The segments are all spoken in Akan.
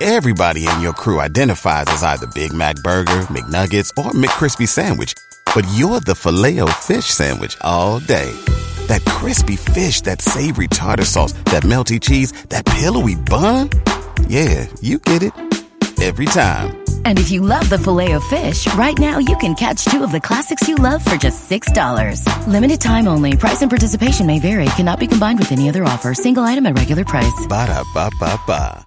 Everybody in your crew identifies as either Big Mac Burger, McNuggets, or McCrispy Sandwich. But you're the filet fish Sandwich all day. That crispy fish, that savory tartar sauce, that melty cheese, that pillowy bun. Yeah, you get it. Every time. And if you love the filet of fish, right now you can catch two of the classics you love for just $6. Limited time only. Price and participation may vary. Cannot be combined with any other offer. Single item at regular price. Ba-da-ba-ba-ba.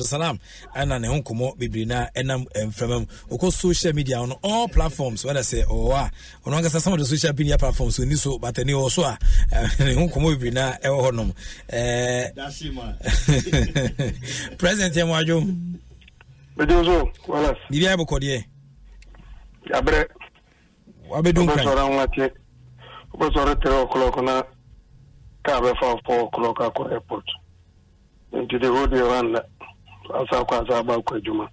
Jerusalem ɛna ne ho nkɔmmɔ bebree na ɛnam eh, mframa mu ɔkɔ social media on all platforms whether sɛ ɔwɔ a ɔno ankasa some of social media platforms ɔni so but ɛne ɔwɔ so a ne ho nkɔmmɔ bebree na ɛwɔ hɔ nom eh, president yɛ mo adwo bɛdwo so walas abrɛ wabɛdu nkran wobɛsɔre three o'clock na kaa bɛfa four o'clock akɔ airport nti de hodeɛ wanda asa akɔ asa aba akɔ adwuma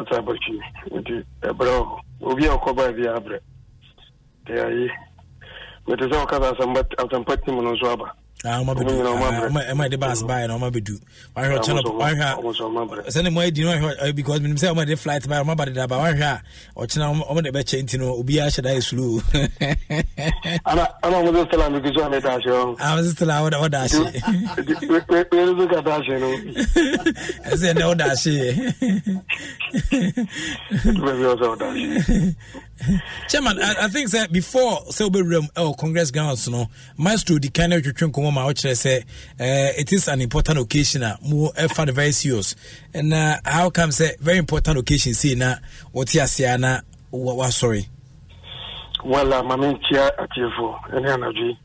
asa aba twi nti ɛbrɛ eh, hɔ obi a ɔkɔbaa bi abrɛ de ayi mete sɛ ɔkasa asɛmpa tim no nso aba ɔmade bas baɛ na ɔmabɛdu sɛne mo adi no wahwɛ eh, eh, because menim sɛ ɔmade flight baɛ ɔmabade daba wahwɛ a ɔkyena ɔmde bɛkyɛ nti no obiaa hyɛ da yɛ slowmse stela woda hyeɛsɛ ɛnɛ woda hyeɛ chairman I, i think that before celebrating wobɛwuram oh, congress grounds no maestro di kan no twetwe nkɔmmɔ ma wokyerɛ sɛ it is an important occasion a mo ɛfa no very serious na how come sɛ very important occasion See sei na wɔte aseɛ na Sorry. well uh, mame ntia atiefoɔ ɛne anadwe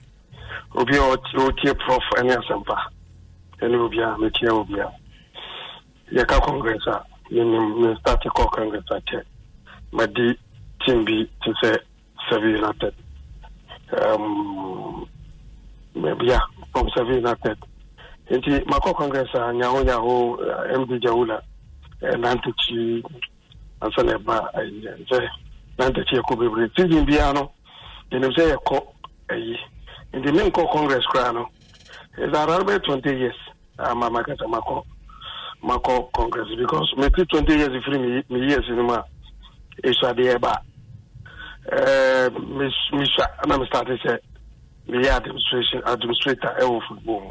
obi a ɔtie prof ɛne asɛmpa ɛne obia uh, metia obia uh. yɛka congress a uh, yɛnim me starte kɔ congress akyɛ madi team bi te sɛ sɛvi united um, bia from sɛvi united nti makɔ congress a nyahoyaho uh, md jawula uh, nantakyi ansa na ɛba sɛ nantakyi yɛkɔ bebree season biara no yɛnim sɛ yɛkɔ ayi nti menkɔ congress koraa no ɛsɛ bɛ twenty years ama makasa makɔ makɔ congress because meti twenty years firi me years no mu a ɛsuadeɛ ɛbaa mehwɛ na mestarte sɛ meyɛ administration administrator ɛwɔ e football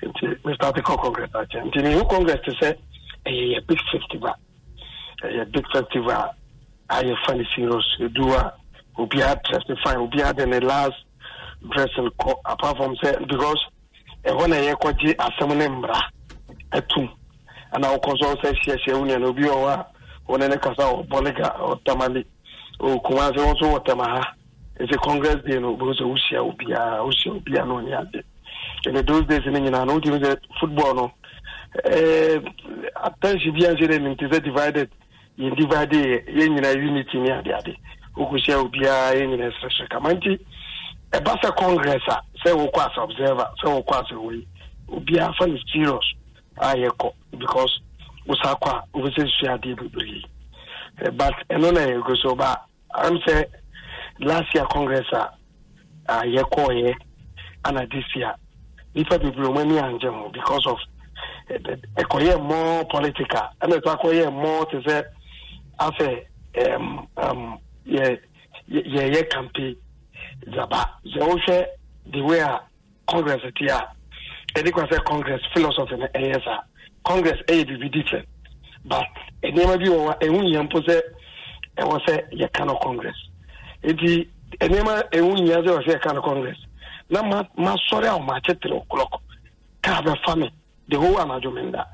mu nti mestarte kɔ congress akyɛ nti mehu congress te sɛ ɛyɛ big festival ɛyɛ big festival a yɛfa no serious ɛdu a obiaa dress fine obiaa de ne last dressing kɔ apart from sɛ because ɛhɔ na yɛkɔgye asɛm ne mmara atum ana wokɔ so wo sɛ hyiahyia wo nea no obi wɔ hɔ a wɔne ne kasa ɔbɔlega ɔtamale kumase wo nso wɔtam ha ɛsɛ congress day no wobɛhu sɛ wohyia wo biaa wohyia wo na ɔne ade ɛne those days no nyinaa no wotumi sɛ football no attention bia nhyɛ dɛ nimti sɛ divided yɛn divide unity ne adeade wokɔhyia wo biaa srɛsrɛ kama nti ɛba sɛ congress a sɛ wokɔ as observer sɛ wokɔ as wei obiaa fa no serious a yɛkɔ because wo kɔ a wobɛsɛ sua adeɛ bebree but ɛno eh, na yɛgu so ba am sɛ last year congress a ah, ah, yɛkɔɔyɛ ana this year nipa bebree ɔmo ani angye ho because of ɛkɔyɛ eh, eh, more political ɛna ɛtɔ akɔyɛ more te sɛ afɛ ɛm ye ye yɛyɛ campaign daba sɛ wohwɛ the way a ah, congress ti a ɛdi kwa sɛ congress philosophy na ɛyɛ sa congress ɛyɛ bibi different but nneɛma bi wɔ hɔ a ɛho nyia mpo sɛ ɛwɔ sɛ yɛka no congress nti nneɛma ɛho nyia sɛ ɛwɔ sɛ yɛka no congress na ma ma sɔre a ɔmaakye tere o'clock kaa bɛfa me de ho anadwo menda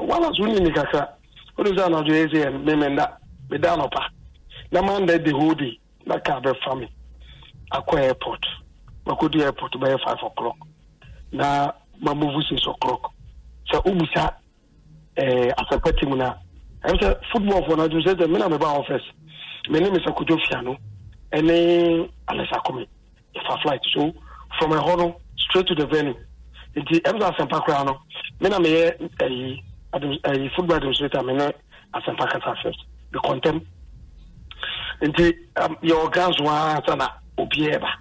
wala so nini kakra wode sɛ anadwo yɛ sɛ yɛ memenda meda anɔpa na manda de ho de na kaa bɛfa me akɔ airport makɔdu airport bɛyɛ five o'clock na mamovu six o'clock sɛ wobusa eh, asɛpati mu no ɛm sɛ football fo na adum sɛ sɛ me na me ba office me ne Mr. Kujo Fiano ɛne Alex Akome ɛfa flight so from ɛhɔ no straight to the venue nti ɛm sɛ asɛmpa koraa no me na meyɛ eh, ɛyi adum ɛyi eh, football administrator me ne asɛmpa kata first me kɔntɛm nti um, yɛwɔ grants waa ansa na obiara e ba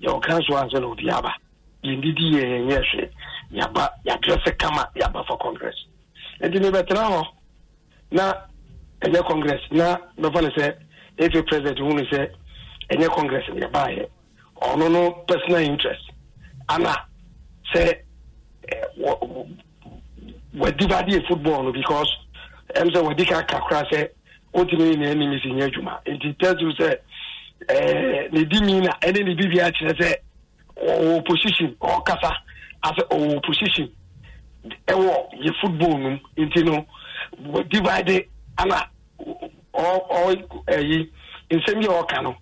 yɛwɔ grants waa ansa na obiara ba yɛndidi yɛ yɛnyɛ eh, hwee yɛaba yɛadrɛse kama yɛaba for congress nti mebɛtena hɔ na ɛnyɛ congress na bɛfa no sɛ efi president hunu sɛ ɛnyɛ congress na yɛbaayɛ ɔno no personal interest ana sɛ wɔdi badeɛ football no because ɛm sɛ wɔdi ka kakra sɛ wotumi ne nanim si nyɛ adwuma eh, nti tɛso sɛ ne di mi na ɛne ne bibia kyerɛ sɛ ɔwɔ position ɔkasa asɛ ɔwɔ position ɛwɔ yɛ football no nti no divide ana ɛyi nsɛm yɛ ɔka no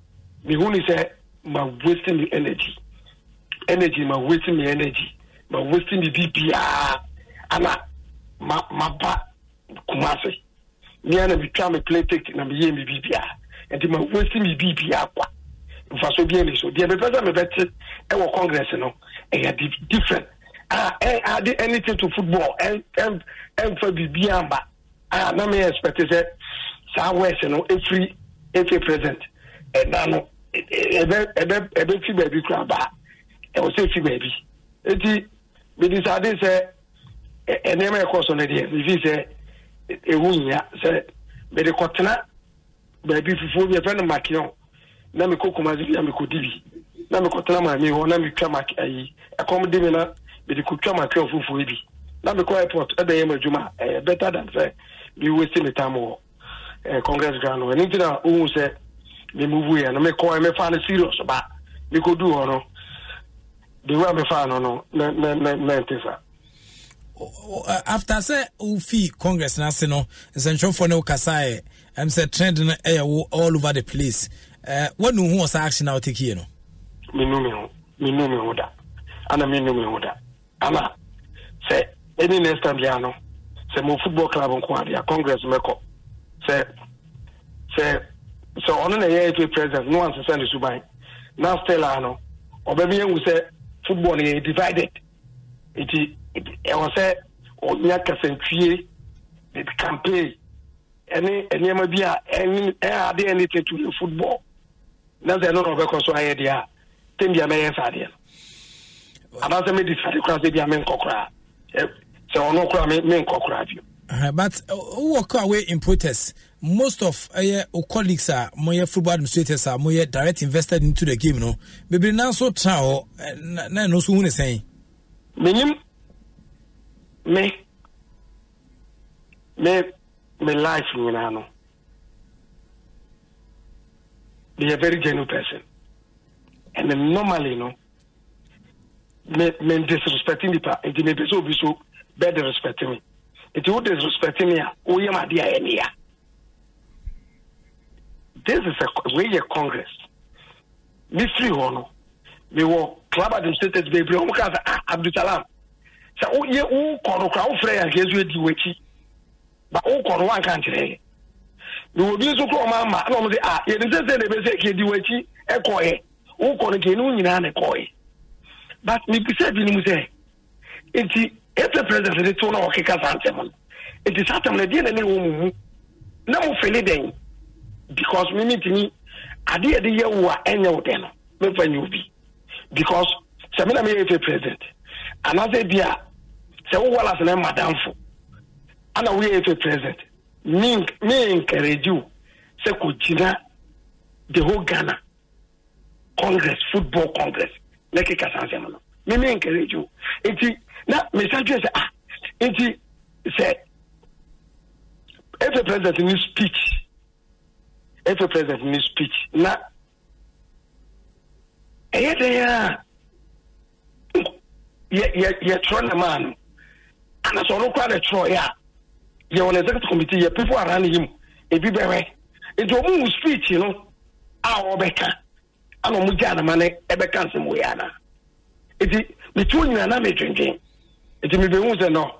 mehu ne sɛ ma waste me energy energy ma waste me energy ma waste me bibiaa ana ma maba kuma ase mea na metwa me play ticket na meyɛ me bibiaa nti ma waste me bibiaa kwa mfaso bia ne so deɛ mepɛ sɛ mebɛte ɛwɔ congress no ɛyɛ different a ah, ɛde eh, anything to football ɛmfa biribiaa mba a ah, na me expect sɛ saa west no efiri efe present ɛda no ɛbɛ ɛbɛ ɛbɛ fi baabi kura baa ɛwɔ sɛ fi baabi eti bidisade sɛ ɛnneɛma ɛkɔ so no deɛ bifi sɛ ehu nyia sɛ mede kɔtena baabi fufuo bi ɛfɛ no makion na mekɔ kumase bi a mekɔdi bi na mekɔtena maame hɔ na metwa maki ayi ɛkɔm de mi na mede kɔtwa makion fufuo bi na mekɔ airport ɛbɛyɛ mu adwuma ɛyɛ better than sɛ bi waste me time wɔ eh, congress ground hɔ ɛno nti na wohu sɛ memuvu yɛ no mekɔɛ mefaa no serious ba mekɔduu hɔ no de wura mefaa no no mente saa after sɛ wofi congress no ase no nsɛntwerɛfoɔ ne wokasaeɛ ɛm sɛ trend no ɛyɛ eh, wo all over the place uh, eh, woanu ho wɔ saa action a wotakie no menu me ho menu me ho da ana menu me ho da ana sɛ ɛne next time biaa no sɛ mo football club nko adeɛ congress mɛkɔ sɛ sɛ sɛ ɔno na ɛyɛ fa president no ansesa ne suban na still a no ɔbɛbi yɛhu sɛ football no yɛ divided nti ɛwɔ sɛ ɔnya kasantwie campaign ɛne nneɛma bi a ɛne ɛade ɛne tɛtu yɛ football na sɛ ɛno na ɔbɛkɔ so ayɛ deɛ a tɛm bia mɛyɛ saa adeɛ no anaasɛ mɛdi sade koraa sɛ bia menkɔ koraa sɛ ɔno kora menkɔ kora bio but uh, wowɔ kɔ away importers most of ɛyɛ uh, colleagues a moyɛ football administrators a moyɛ direct invested into the game no bebree nanso tra hɔ eh, na ɛno nso hu ne sɛn menim me me me life nyinaa no be a very genuine person and normally no me me disrespecting nipa nti mepɛ sɛ obi so bɛɛ disrespect me nti wo disrespect me a woyɛ ma adeɛ a this is a weyɛ congress free one. no mewɔ club administrators bebree ɔmo kaa sɛ ah abdusalam sɛ woyɛ wokɔ no koraa wofrɛ yɛ anka ɛso adi w'akyi ba wokɔ no woanka nkyerɛ yɛ mewɔ bi nso korɔ ɔma ama na ɔmo sɛ ah yɛnim sɛ sɛ na ɛbɛsɛ kɛdi w'akyi ɛkɔɔyɛ wokɔ no kɛni wo nyinaa na ɛkɔɔyɛ but mebisa bi no mu sɛ nti ɛpɛ e president de to na ɔkeka saa ntɛm no nti saa ntɛm no deɛ na ne wɔ mu mu na mo fele dɛn because me mintimi adeɛ de yɛ wo a ɛnyɛ wo dɛn no mefa nyɛ obi because sɛ na meyɛ ɛpɛ president anaasɛ bi a sɛ wo wallace na madamfo ana woyɛ ɛpɛ president me encourage wo sɛ kɔgyina the whole ghana congress football congress na keka saa nsɛm no me me encourage wo nti e na mesa twerɛ sɛ ah nti sɛ ɛfɛ president ne speech ɛfɛ president ne speech na ɛyɛ dɛn a yɛtwerɛ ne maa no ana sɛ ɔno kora ne twerɛeɛ a yɛwɔ ne executive committee yɛ people around him ebi bɛwɛ nti ɔmo wu speech no a ɔbɛka ana ɔmo gye anama no ɛbɛka nsɛm wɔ yɛ ana nti metu nyina na medwendwen nti mebehu sɛ no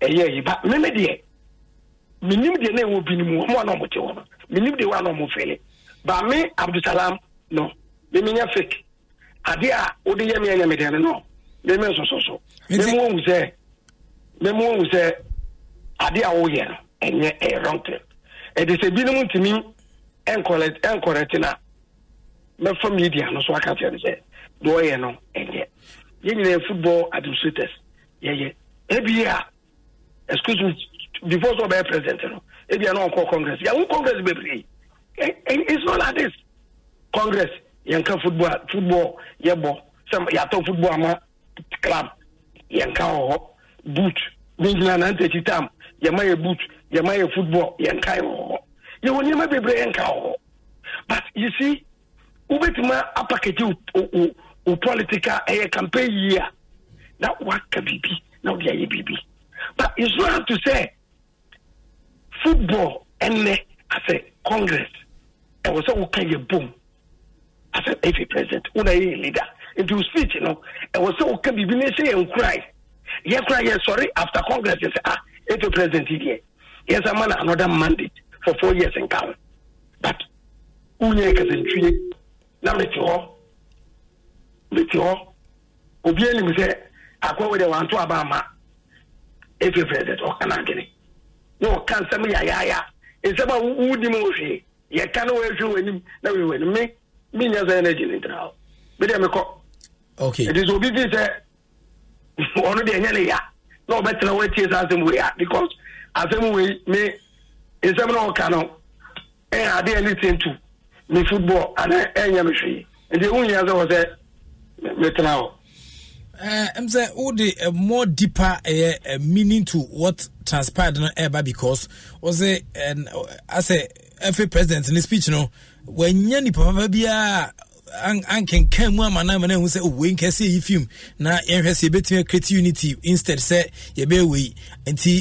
ɛyɛ yi ba meme deɛ menim deɛ na ɛwɔ bi no mu ɔmo a na ɔmo te hɔ no menim deɛ wɔ a na ɔmo fele ba me abdusalam no memenyɛ fake adeɛ a wode yɛ me ɛnyɛ me deɛ no no meme nsoso so meme wɔhu sɛ meme wɔhu sɛ adeɛ a woyɛ no ɛnyɛ ɛyɛ wrong thing ɛde sɛ binom ntumi ɛnkɔrɛte no a mɛfa media no so aka kyerɛ no sɛ deɛ ɔyɛ no ɛnyɛ yɛn nyinaa football administrators yɛyɛ ebi a excuse me before sọ bɛyɛ president no ebi a na ɔkɔ congress yɛn congress bebree it's not like this congress yɛn ka football football yɛ bɔ sɛ yàtɔ football ama club yɛn ka wɔ hɔ boot ne gyina nan tɛkyi tam yɛn ma yɛ boot yɛn ma yɛ football yɛn ka wɔ hɔ yɛn wɔ nneɛma bebree yɛn ka wɔ hɔ but you see wobɛtuma apakɛti o o o political ɛyɛ campaign yia na waka biribi na wode ayɛ biribi but you so have to say football ɛnɛ asɛ congress ɛwɔ sɛ woka yɛ bom asɛ ɛfi president wona yɛyɛ leader nti wo speech no ɛwɔ sɛ woka biribi ne sɛ yɛnkorae yɛkora yɛsɔre after congress yɛ sɛ ah ɛfi president deɛ yɛsa ma no another mandate for four years nka ho but wonyɛ kasantwie na mete hɔ mete hɔ obiaa nim sɛ akɔ wo de wanto aba ama efi president ɔka nankene na ɔka nsɛm yayaya nsɛm a wunim wo hwee yɛka na wɔahwɛ w'anim na wɔyɛ w'anim me menyɛ sɛ energy ne ntena hɔ medeɛ mekɔ okay ɛti sɛ obi fii sɛ ɔno deɛ ɛnyɛ ne ya na ɔbɛtena hɔ atie saa asɛm wei a because asɛm wei me nsɛm na ɔka no ɛyɛ adeɛ ne tentu me football ana ɛnyɛ e me hwee nti e wonya sɛ wɔ sɛ metena hɔ Uh, eh, I'm saying, all the uh, eh, more deeper uh, meaning to what transpired in ever because was it and as a every president in his speech, you know, when you papa ankenkan mu ama mma ama na ehu sɛ owuwe nkɛse yi fim na yɛhwɛ sɛ yɛbɛtumi akireti unity instead sɛ yɛbɛɛwe wei nti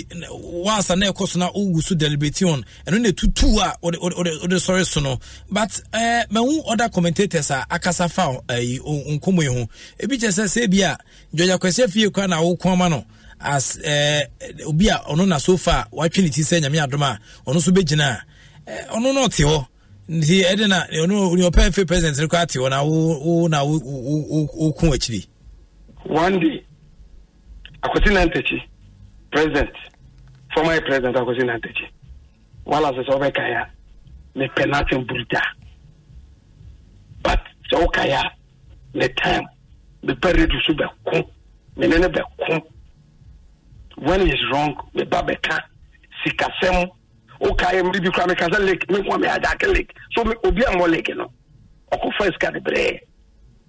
waasa na ɛkɔ so owu so ɛno na a ɔde ɔde sɔre so no but ɛɛ mɛhu ɔda commentators a akasa fa ɛyi eh, ya ho ebi kyerɛ sɛ sɛ bi a jɔja kwesɛ fie na no as eh, obi a na so watwe ne ti sɛ nyame ɔno bɛgyina eh, ɔno nti ɛde na ɔpɛ mfe president no kɔ ate hɔ na wo na woku akyiri one day akwasi nantakyi president former president akwasi nantakyi wala sɛ sɛ wobɛkae a mepɛ noasɛm burda but sɛ wokae a ne time mepɛ radio so bɛko me ne ne bɛko when is wrong meba bɛka sikasɛm wokaeɛ mmere bi kora meka sɛ lake menkoa meadake lake so obi ammɔ lake no ɔkɔfa sika de berɛɛ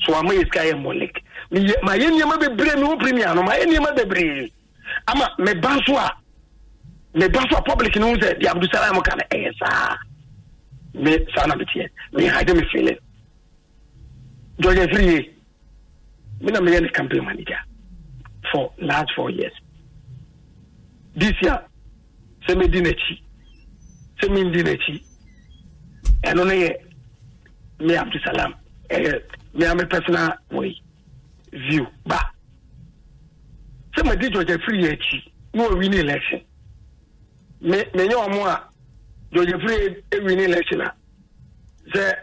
so ama yɛ sika yɛ mmɔ lake mayɛ nneɛma bebree mewo premier no mayɛ nneɛma bebree ama meba so a meba so a public no hu sɛ de abdusalam ka no ɛyɛ eh, saa me saa na meteɛ mehade me feeling george afiriye me na meyɛ ne campaign manager for last four years this year sɛ medi n'akyi sɛ mendi n'akyi ɛno no yɛ me abdusalam ɛyɛ eh, mea me personal wei view ba sɛ madi george afiri yɛ akyi na wawi ne election me menyɛ wɔ mo a george afiri ɛwi e ne election a sɛ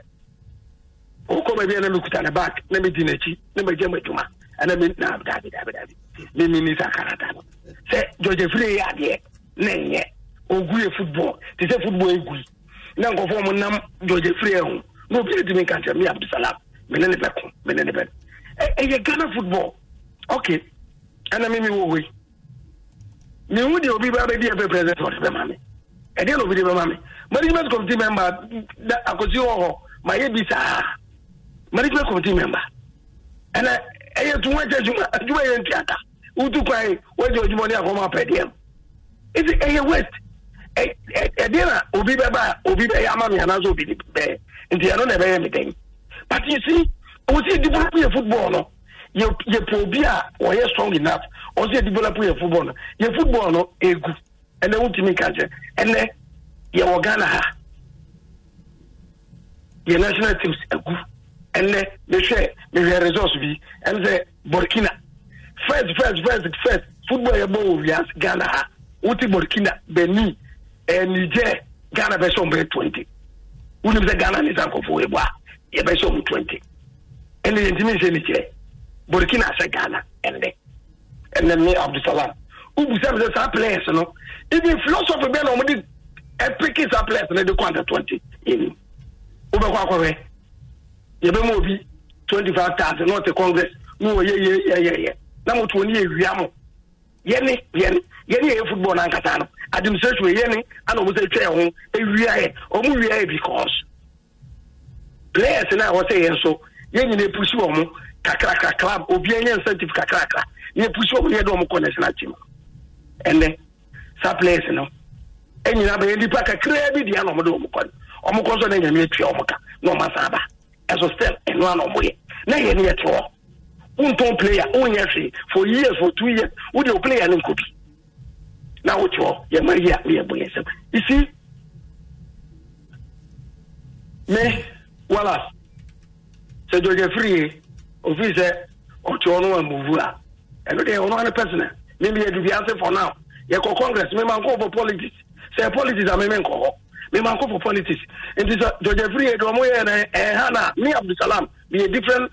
wokɔ baabi a na mekuta ne back na medi n'akyi na magya m'adwuma ana me na dabi dabi dabi memini saa karata no sɛ george afiri yɛ adeɛ na ɛnyɛ ogu yɛ football te sɛ football egu na nkɔfɔ mu nam george efiri ɛho na obi ɛdini nka kyerɛ mi abdulsalam mene ne bɛko mene ne bɛko ɛyɛ e, e, ghana football ok ɛna mi mi wɔ hɔ yi mihu deɛ obi baa bɛdi ɛfɛ president ɔde bɛma mi ɛdeɛ e na obi de bɛma mi management committee member da akosi wɔ hɔ ma yɛ bi saa management committee member ɛna ɛyɛ tuwa kyɛ adwuma adwuma yɛ ntiata wotu kwan wɔgye adwuma ne akɔma apɛdeɛ mu ɛti ɛyɛ west ɛdeɛ na obi bɛba a obi bɛyɛ ama me anaasɛ obi bɛyɛ nti ɛno na ɛbɛyɛ me dɛn but you see wɔsi yɛ develop yɛ football no yɛ yɛ po obi a ɔyɛ strong enough ɔsi yɛ develop yɛ football no yɛ football no egu ɛnɛ wotumi ka kyɛ ɛnɛ yɛwɔ ghana ha yɛ national teams egu ɛnɛ mehwɛ mehwɛ results bi ɛn sɛ burkina first first first first football yɛ bɔ wɔ wiase ghana ha wote burkina benin niger ghana bɛsɛ ɔmo bɛyɛ twenty wonim sɛ ghana ne sa nkɔfoɔ yɛbɔ a yɛbɛsɛ ɔmo twenty ɛne yɛntimi nsɛ niger burkina sɛ ghana ɛnɛ ɛnɛ me abdusalam wobusa me sɛ saa players no even philosophy bɛɛ na ɔmode ɛpeke saa players no de kɔ under twenty yɛnim wobɛkɔ akɔhwɛ yɛbɛma obi twenty five thousand na ɔte congress na wɔyɛ yɛyɛyɛ na motoɔ ne yɛwia mo yɛne yɛne yɛne yɛyɛ football no ankasa no administration yɛ ni ana wɔn sɛ twɛ ho ewia yɛ wɔn wia yɛ because players naa wɔsɛ yɛn so yɛn nyinaa pusi wɔn kakrakra club obiara yɛ incentive kakrakra yɛ pusi wɔn yɛ de wɔn kɔ national team ɛnɛ saa players no ɛnyinaa bɛyɛ nipa kakraa bi deɛ na wɔn de wɔn kɔ wɔn kɔ so na nyame atua wɔn ka na wɔn asan aba ɛso still ɛno ana wɔn yɛ na yɛn yɛ te hɔ wɔn tɔn player wɔn yɛ hwee for years for two years wɔn deɛ o player ne nkɔ na wote hɔ yɛ ma yi a woyɛ bɔ yɛ nsɛm isi me wala sɛ dwɔdwɛ firi yi ofiri sɛ ɔte hɔ no wa mbuvu a ɛno deɛ ɔno ano pɛsina me mi yɛ dubi ase for now yɛkɔ congress me ma nkɔ for politics sɛ politics a me me nkɔ hɔ me ma nkɔ for politics nti sɛ dwɔdwɛ firi yi deɛ ɔmo yɛ no ɛha na me abdulsalam me yɛ different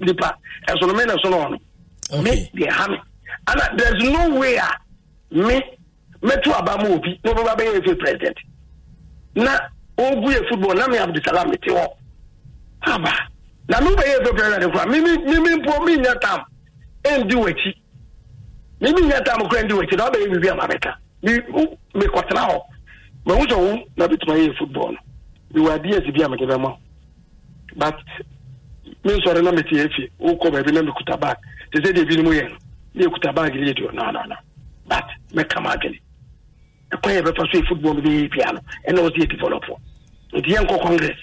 nipa ɛsono me na ɛsono ɔno me deɛ ha me ana there is no way a me mɛtu aba ma obi na ɔbɛba bɛyɛ efe president na ogu yɛ football na mi abdulsalam ti hɔ aba na mi bɛyɛ efe president kura mi mi mi mi mpɔ mi nya tam ɛndi w'akyi mi mi nya tam kura ɛndi w'akyi na ɔbɛyɛ bibi ama bɛka mi u mi kɔtena hɔ mɛ n sɔ wo na bi tuma yɛ football no mi wɔ adi ɛsi bi a mi kɛ bɛ ma but mi nsɔre na mi ti yɛ fie o kɔ baabi na mi kuta bag sɛ sɛ de ebi ni mo yɛ no mi yɛ kuta bag yɛ di o naanana. No, no, no but mɛka ma adwene ɛkwan yɛ bɛfa so yɛ football no bɛyɛ bia no ɛna wɔ sɛ yɛ develop nti yɛnkɔ congress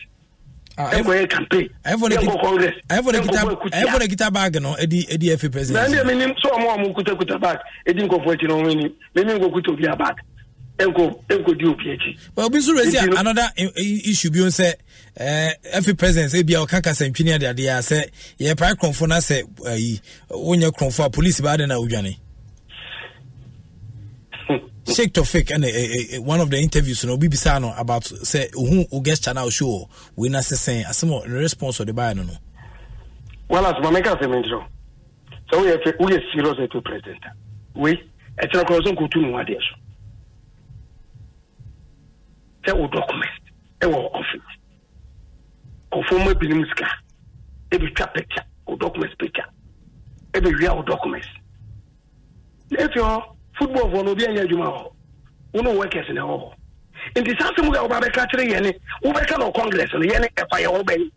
ɛnkɔyɛ campaign yɛnkɔ congress ɛnkɔkɔ kuta baag no ɛdi ɛdi ɛfi president na ɛndeɛ menim sɛ ɔmo ɔmo kutakuta baag ɛdi nkɔfoɔ akyi no ɔmo anim menim nkɔkuta obi a baag nkɔdi obi akyi obi nso resi another issue bi sɛ ɛfi president ebi a ɔka kasantwi ne adeadeɛ a sɛ yɛpae kurɔmfoɔ no sɛ ayi wonyɛ kurɔmfoɔ a police baa de na odwane Sheikh Tofik and uh, uh, one of the interviews you know BBC no about say who who gets channel show we na say say asemo response or the buyer no no well as mameka say mentro so we have we are serious to president we e tell ko so ko tu no ade so document e wo office ko fo mo bi ni musika e picture o document picture e real documents. o if you football fɔ no obi anyɛ adwuma hɔ wone workers ne ɛwɔ hɔ nti saa sɛ mu a woba bɛka kyerɛ yɛne wobɛka na congress no yɛne ɛfa yɛwɔ bɛyi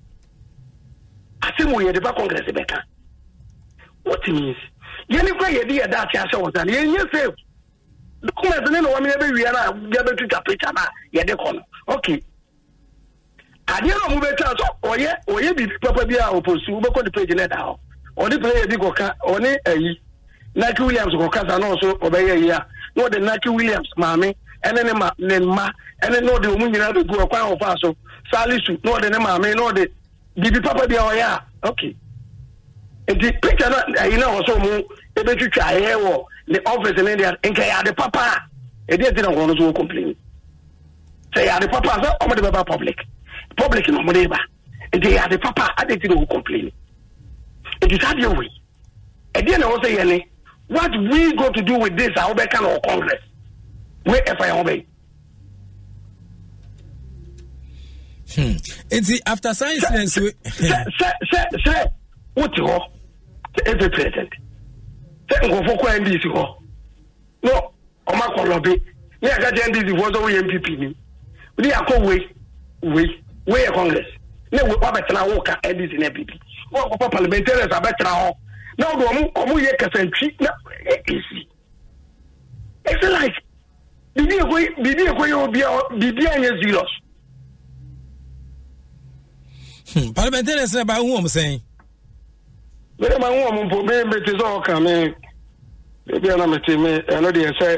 asɛm wɔ yɛde ba congress bɛka what means yɛne kora yɛde yɛda ate ahyɛ wɔ sa no yɛnyɛ safe document ne na wɔmene bɛwia no a yɛbɛtwitwa picture no a yɛde kɔ no okay adeɛ na ɔmobɛtwa so ɔyɛ ɔyɛ biribi papa bi a ɔpɔsu wobɛkɔ ne page no ɛda hɔ ɔne player bi kɔka ɔne ayi naki williams kɔkasa na ɔso ɔbɛyɛ yi a na ɔde naki williams maame ɛne ne ma ne mma ɛne na ɔde ɔmu nyinaa bɛgu ɔkwan ɔfa so salisu na ɔde ne maame na ɔde biribi papa bi a ɔyɛ a okay nti picture na ɛyi na ɔso mu ebetwitwa ayɛ wɔ ne office ne deɛ nka yɛ papa a ɛdeɛ ti na nkɔn no so complain sɛ yɛ papa sɛ ɔmo de bɛba public public na ɔmo de ba nti yɛ papa adeɛ ti na wɔ complain nti saa deɛ wɔ yi ɛdeɛ na ɔwɔ sɛ yɛ ne what we go to do with this our bẹ́ẹ̀ kan ọ̀ congress wey ẹ̀fà yẹn wọ́n bẹ́ẹ̀. nti after science na nsi. sẹ sẹ sẹ wọ́n ti họ ẹ̀fẹ̀ go for nkurọfọ kọ ndc họ no ọmọ akọlọ bi ní àgàjẹ ndc fọ sọ wọ́n MPP. npp ni ní akọ wei wei wei yẹ congress ní wei wọ́n abẹ tẹ̀lé àwọn ọ̀ka ndc ní npp wọ́n kọ́ parliamentarians abẹ tẹ̀lé àwọn na ọdọ ọmụ ọmụ yẹ kasantwi na apc it's like bibi ekwe bibi ekwe yẹ obi bibi anya zeros. parliamentarians náà bá ń hún ọmọ sẹ́yìn. bẹ́ẹ̀ bá ń hún ọmọ mpọ bẹ́ẹ̀ bẹ́ẹ̀ ti sọ ọkàn mi bẹ́ẹ̀ ẹ̀ náà mi ti mi ẹ̀nu di ẹsẹ̀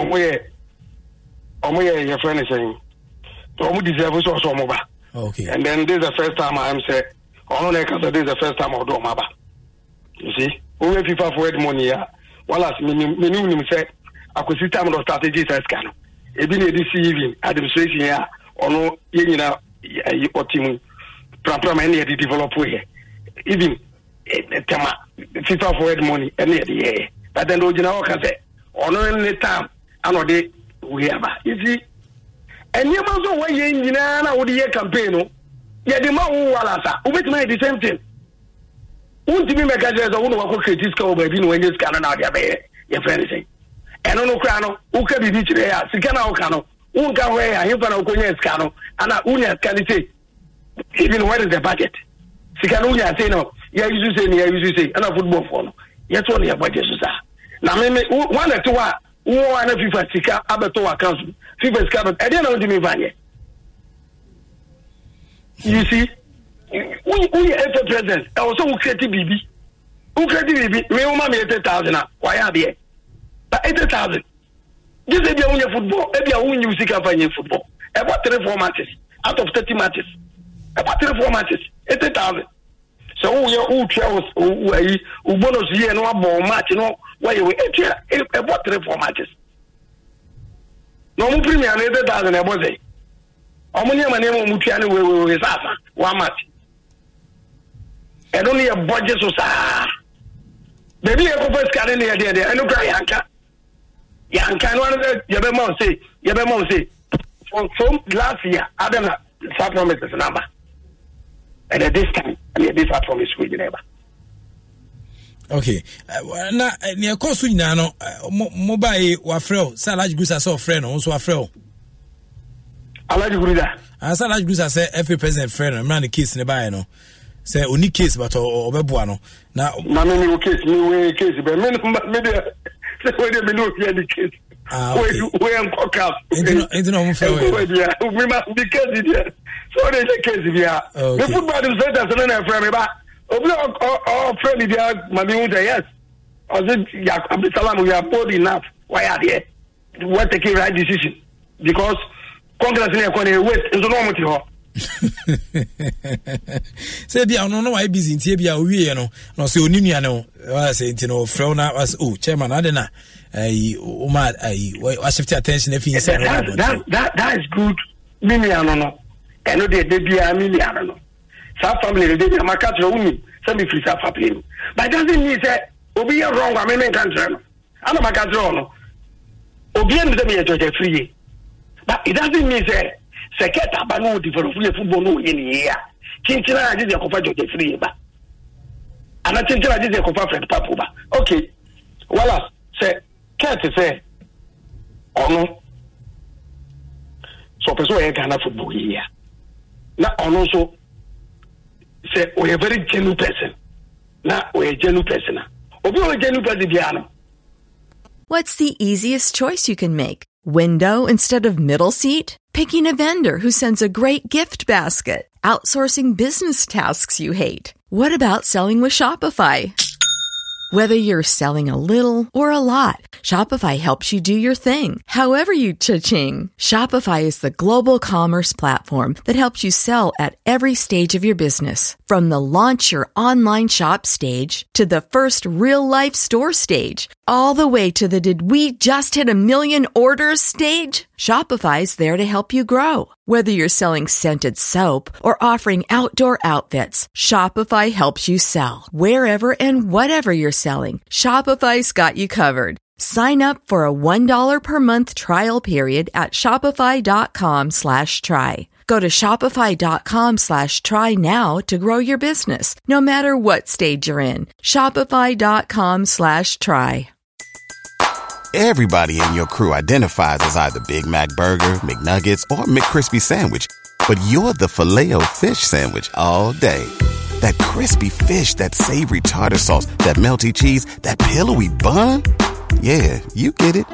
ọmọ yẹ ọmọ yẹ ẹ̀yẹ fẹ́ ni sẹ́yìn ọmọ di sẹ́yìn fún sọ̀sọ̀ ọmọ bá. okay and then this is the first time i am say ọ̀nà náà kasa this is the first time ọ̀dọ̀ ọmọ bá you see owó e, fifa forward money ya wallace mene wonim sɛ akwasi time dɔ start gye sɛ sika no ebi na ɛde cv administration a ɔno yɛ nyina ɔte mu prapra ma ɛne yɛde develop yɛ even tɛma fifa forward money ɛne yɛde yɛɛ but then ogyina hɔ ka sɛ ɔno ne time ana ɔde wei aba nti nneɛma nso wɔyɛ nyinaa na wode yɛ campaign no yɛde ma wo sa. wobɛtumi ayɛ the same thing wontumi mɛka kyerɛ sɛ wo ne wakɔ kreti sika wɔ baabi ne wanya sika no na wode abɛyɛ yɛfrɛ ne sɛn ɛno no koraa no woka biribi kyerɛ ɛ a sika no a woka no wonka hɔ ɛ ahemfa na wokɔnya sika no ana wonya sika no sei even where is the budget sika no wonya sei no yɛayusu sei ne yɛayusu sei ana footballfoɔ no yɛtoɔ ne yɛbɔgye so saa ah. na meme wana te hɔ a wo ana fifa sika abɛtɔ wɔ account fifa sika abɛtɔ ɛdeɛ na wontumi mfa nyɛ you see woyɛ ɛfɛ president ɛwɔ sɛ wokireti biribi wokireti biribi me woma me eighty thousand a wayɛ abeɛ ba eighty thousand gye sɛ ebia wonyɛ football ebia wonyi wo sika fa nyɛ football ɛbɔ three four matches out of thirty matches ɛbɔ three four matches eighty thousand sɛ woyɛ wotwa wo ayi wo bonus yie no wabɔ wo match no wayɛ wo etua ɛbɔ three four matches na ɔmo premier no eighty thousand ɛbɔ sɛ ɔmo nneɛma nneɛma ɔmo tua no wewewe saasa one match ɛno ne yɛ bɔgye so saa baabi yɛ kɔfɔ sika ne ne yɛ deɛ ɛno kora yɛanka yɛanka no ano sɛ yɛbɛma wo se yɛbɛma wo se from last year ada na saa promises no aba ɛnɛ this time ɛne yɛde saa promise ko gyina ɛba okay uh, na nea ɛkɔ so nyinaa no mobae wafrɛ wo sɛ alage gusa sɛ ɔfrɛ no wo nso wafrɛ wo alage guruda sɛ alage gusa sɛ fa president frɛ no mmra ne case ne baeɛ no sɛ ɔni case but ɔbɛboa no na mame ne ah, wo case me we case bɛ mede sɛ wede mene ofia ne case woɛnkɔ cap nti na ɔmfrɛ de case deɛ sɛ wode hyɛ case biaa ah, me football dem sɛ da sɛne na ɛfrɛ me ba obi ɔfrɛ me biaa mame hu sɛ yes ɔse abdusalam we are bold enough wayɛ adeɛ wɔ taking right decision because congress ne ɛkɔ ne wait nso na ɔmo te hɔ sɛ bia ɔno na wayɛ busy ntie bia ɔwieɛ no na ɔsɛ ɔni nua no sɛ nti no ɔfrɛ wo na o oh, chairman ade na woma washift attention afi sɛ that is good me nua no no ɛno deɛ da biara me nua no no saa family no deɛ maka kyerɛ wonim sɛ mefiri saa family no but doesn't mean sɛ obi yɛ wrong a me menka nkyerɛ no ana maka kyerɛ ɔ no obiara nim sɛ meyɛ kyɔkyɛ firi but it doesn't mean sɛ sɛ kɛta football ne a a de ɛkɔfa yɛ ba a de ɛkɔfa fred papo ba okay wala sɛ kɛte sɛ ɔno sɛ ɔpɛ sɛ ɔyɛ ghana football a na ɔno nso sɛ ɔyɛ very person na ɔyɛ person a obi ɔyɛ person biara no. What's the easiest choice you can make? Window instead of middle seat? Picking a vendor who sends a great gift basket? Outsourcing business tasks you hate? What about selling with Shopify? Whether you're selling a little or a lot, Shopify helps you do your thing, however you cha-ching. Shopify is the global commerce platform that helps you sell at every stage of your business. From the launch your online shop stage to the first real life store stage all the way to the did we just hit a million orders stage? Shopify's there to help you grow. Whether you're selling scented soap or offering outdoor outfits, Shopify helps you sell. Wherever and whatever you're selling, Shopify's got you covered. Sign up for a $1 per month trial period at shopify.com slash try. Go to shopify.com slash try now to grow your business, no matter what stage you're in. Shopify.com slash try. Everybody in your crew identifies as either Big Mac Burger, McNuggets, or McCrispy Sandwich. But you're the filet fish Sandwich all day. That crispy fish, that savory tartar sauce, that melty cheese, that pillowy bun. Yeah, you get it.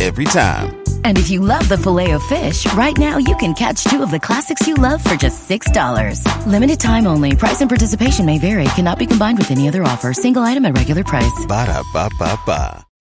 Every time. And if you love the filet of fish, right now you can catch two of the classics you love for just $6. Limited time only. Price and participation may vary. Cannot be combined with any other offer. Single item at regular price. Ba-da-ba-ba-ba.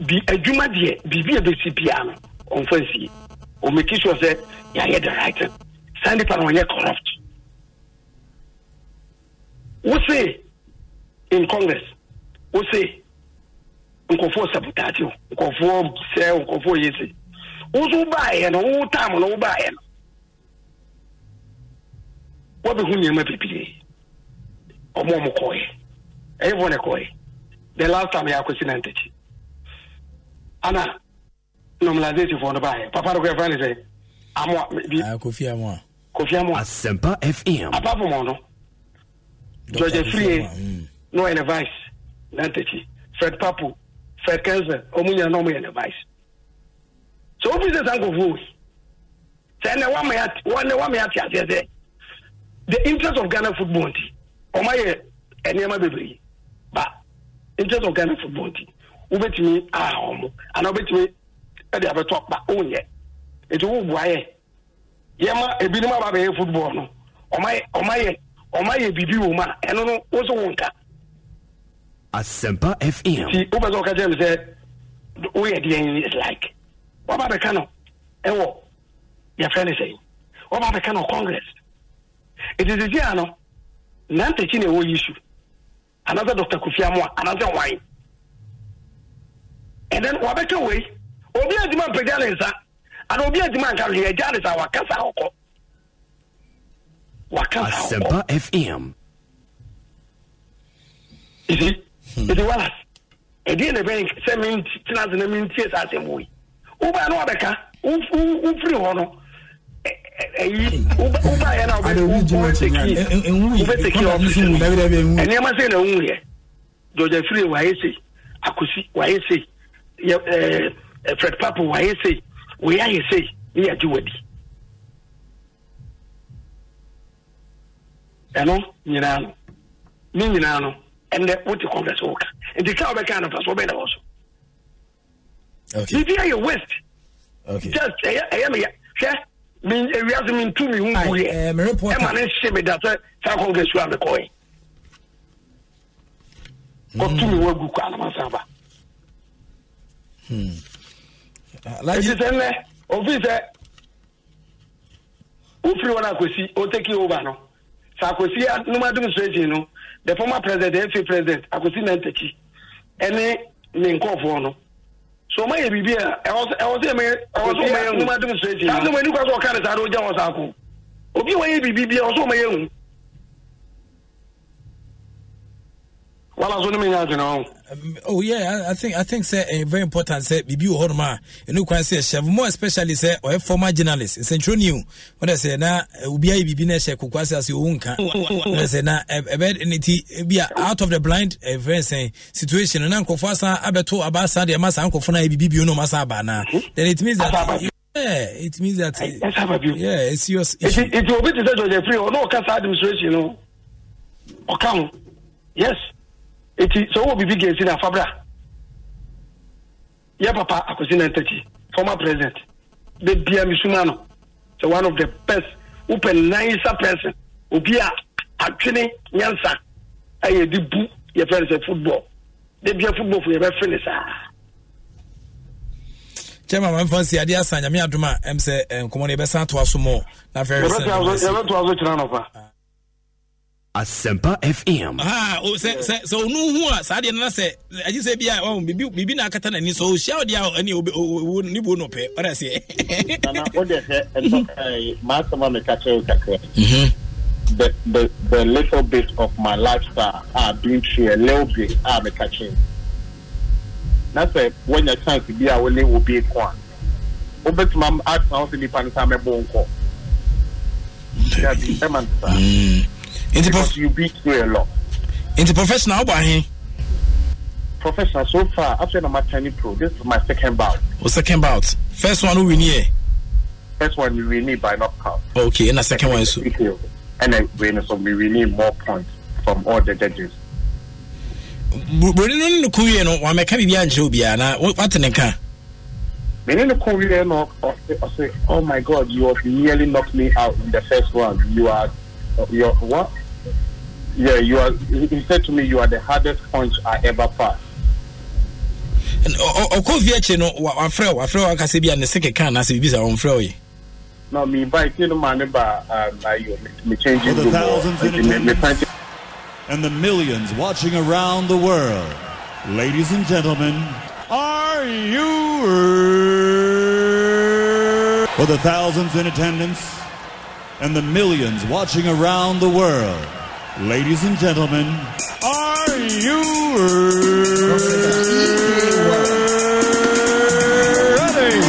bi adwuma deɛ biribi a bɛsi biara no ɔmfa nsie ɔmaki sure sɛ yɛayɛ the right thing saa nipa no ɔnyɛ corrupt wo se in congress wo se nkɔfoɔ sabotage o nkɔfoɔ sɛ nkɔfoɔ yɛ se wo so wobaeɛ no wo tam no wobaeɛ no wabɛhu nneɛma bebree ɔmo ɔmo kɔɔɛ ɛyɛfoɔ ne kɔɔɛ the last time yɛakɔsi nantakyi ana normalization ah, mm. no baɛ papa no kɔyɛfrɛ ne sɛ amoakofi amoa kofi amoa asɛmpa fm apart from ɔno georgia frie na ɔyɛ ne vice nantachi fred papo fred kensen ɔmu nyina na ɔmo yɛ ne vice sɛ wofiri sɛ saa nkɔfoɔ wei sɛ ɛnɛ wɔne wama yɛ ate aseɛ sɛ the interest of ghana football o nti ɔma yɛ nneɛma bebree ba interest of ghana football nti wobɛtumi aha wɔn anaa wobɛtumi ɛde abɛtɔ akpa onyɛ etu wobu ayɛ yɛma ebinom aba abɛyɛ football no ɔmayɛ ɔmayɛ ɔmayɛ bibi wɔ mu a ɛno no woso wɔn ka. asempa fm. ti wopɛ sɛ ɔka kyerɛ mi sɛ woyɛ deɛ is like waba abɛka no ɛwɔ yɛfrɛ ne sɛn waba abɛka no congress eti sisi ano nantakyi na ɛwɔ yisu anaasɛ dr kofi amoa anaasɛ wine and then wabɛka wei obi adwuma mpagya ne nsa ana obi adwuma nka no yɛgya ne sa wakasa hɔkɔ wakasa hɔkɔ fm ɛsi ɛdi walas ɛdeɛ na ɛbɛn sɛ mentena ase na mentie saa asɛm wei wobaa na wabɛka wofiri hɔ no wobaeɛ na wobɛseki ɔfisɛ ɛnneɛma sɛ na wuyɛ dɔgya firi wayɛ sei akosi wayɛ sei Eh, eh, fred papo wayɛ sei wɔyɛ ayɛ sei ne yɛagye wadi ɛno nyinaa no ne nyinaa no ɛnɛ wote congress woka nti ka wobɛka no fa so wobɛna wɔ so biribi ayɛ west just ɛyɛ me hwɛ ewiase mentu me ho guyɛ ɛma ne hye me da sɛ saa congress wura mekɔɛ ɔtu me wagu kɔ anamasa ɛti sɛ nnɛ ofii sɛ wofiri wɔ no akwasi ɔteki over no sɛ akwasi uh, nom administration no the former president fa president akwasi nantachi ɛne ne nkɔɔfoɔ no so ɔma yɛ biribi a ɛwɔ sɛ ɛmɛnom administration sɛ ɔmani kwa sɛ ɔka ne saa de wogya wɔ saako obi a wɔyɛ biribi bia ɔsɛ ɔma yɛ hu Well, as one minute, you know. Um, oh yeah, I, think I think say eh, very important say bibi wɔ hɔnom a ɛno kwan sɛ ɛhyɛ more especially say ɔyɛ former journalist nsɛntwerɛ new wɔdɛ sɛ na obi eh, ayɛ Bibi na ɛhyɛ kokoa sɛ ase ɔwu nka wɔdɛ sɛ na ɛbɛ eh, ne ti bi a out of the blind ɛfrɛ sɛn situation na nkɔfoɔ asan abɛto aba asan deɛ ma saa nkɔfoɔ no ayɛ biribi bio na ɔma asan aba anaa mhm. then it means that Yeah, it means that. It, yeah, it's yours. it's it, it will be the judge of the free or no cast administration, no. Or come. Yes nti sɛ wowɔ biribi gansi no Fabra. yɛ papa akwasi thirty former president bɛbia mesuma no sɛ one of the best wopɛ nice person obi a atwene nyansa a yɛde bu yɛfrɛ no sɛ football da bia football fo yɛbɛfe ne saa kyɛma ma mfa si adeɛ asa nyame adom a ɛm sɛ nkɔmmɔ no yɛbɛsan toa so mɔ na fɛrɛ sɛ yɛbɛtoa so kyerɛ no asɛmpa fm sɛ ɔno hu a saa deɛ nana sɛ agye sɛ bia na akata n'ani sɛ ɔhyia wo deɛ ɛne ne buo no ɔpɛ maasɛm a meka kyerɛ kakra mhm. The, the, the little bit of my lifestyle are being been a little bit I've catching. That's a when your chance to be I will will be mam ask now to be pan time a bone call. Into because prof- you beat me a lot. Into professional, by him. Professional, so far, after my tiny pro, this is my second bout. Oh, second bout. First one, who win here? First one, we win by knockout. Okay, and the second, second one is. and then we win, so we win more points from all the judges. Bruni no ne ko wie no wamɛka biribi ankyerɛ obiaa na wate ne ka mene ne ko wie no ɔse oh, oh, oh my god you have nearly knocked me out in the first round you are your what? Yeah, you are. He said to me, "You are the hardest punch I ever passed." ɔkɔ no wafrɛ wafrɛ wo bi a ne se keka anaasɛ biribi sɛ wɔmfrɛ wo yi me me the and the millions watching around the world ladies and gentlemen are you for the thousands in attendance and the millions watching around the world. Ladies and gentlemen, are you ready?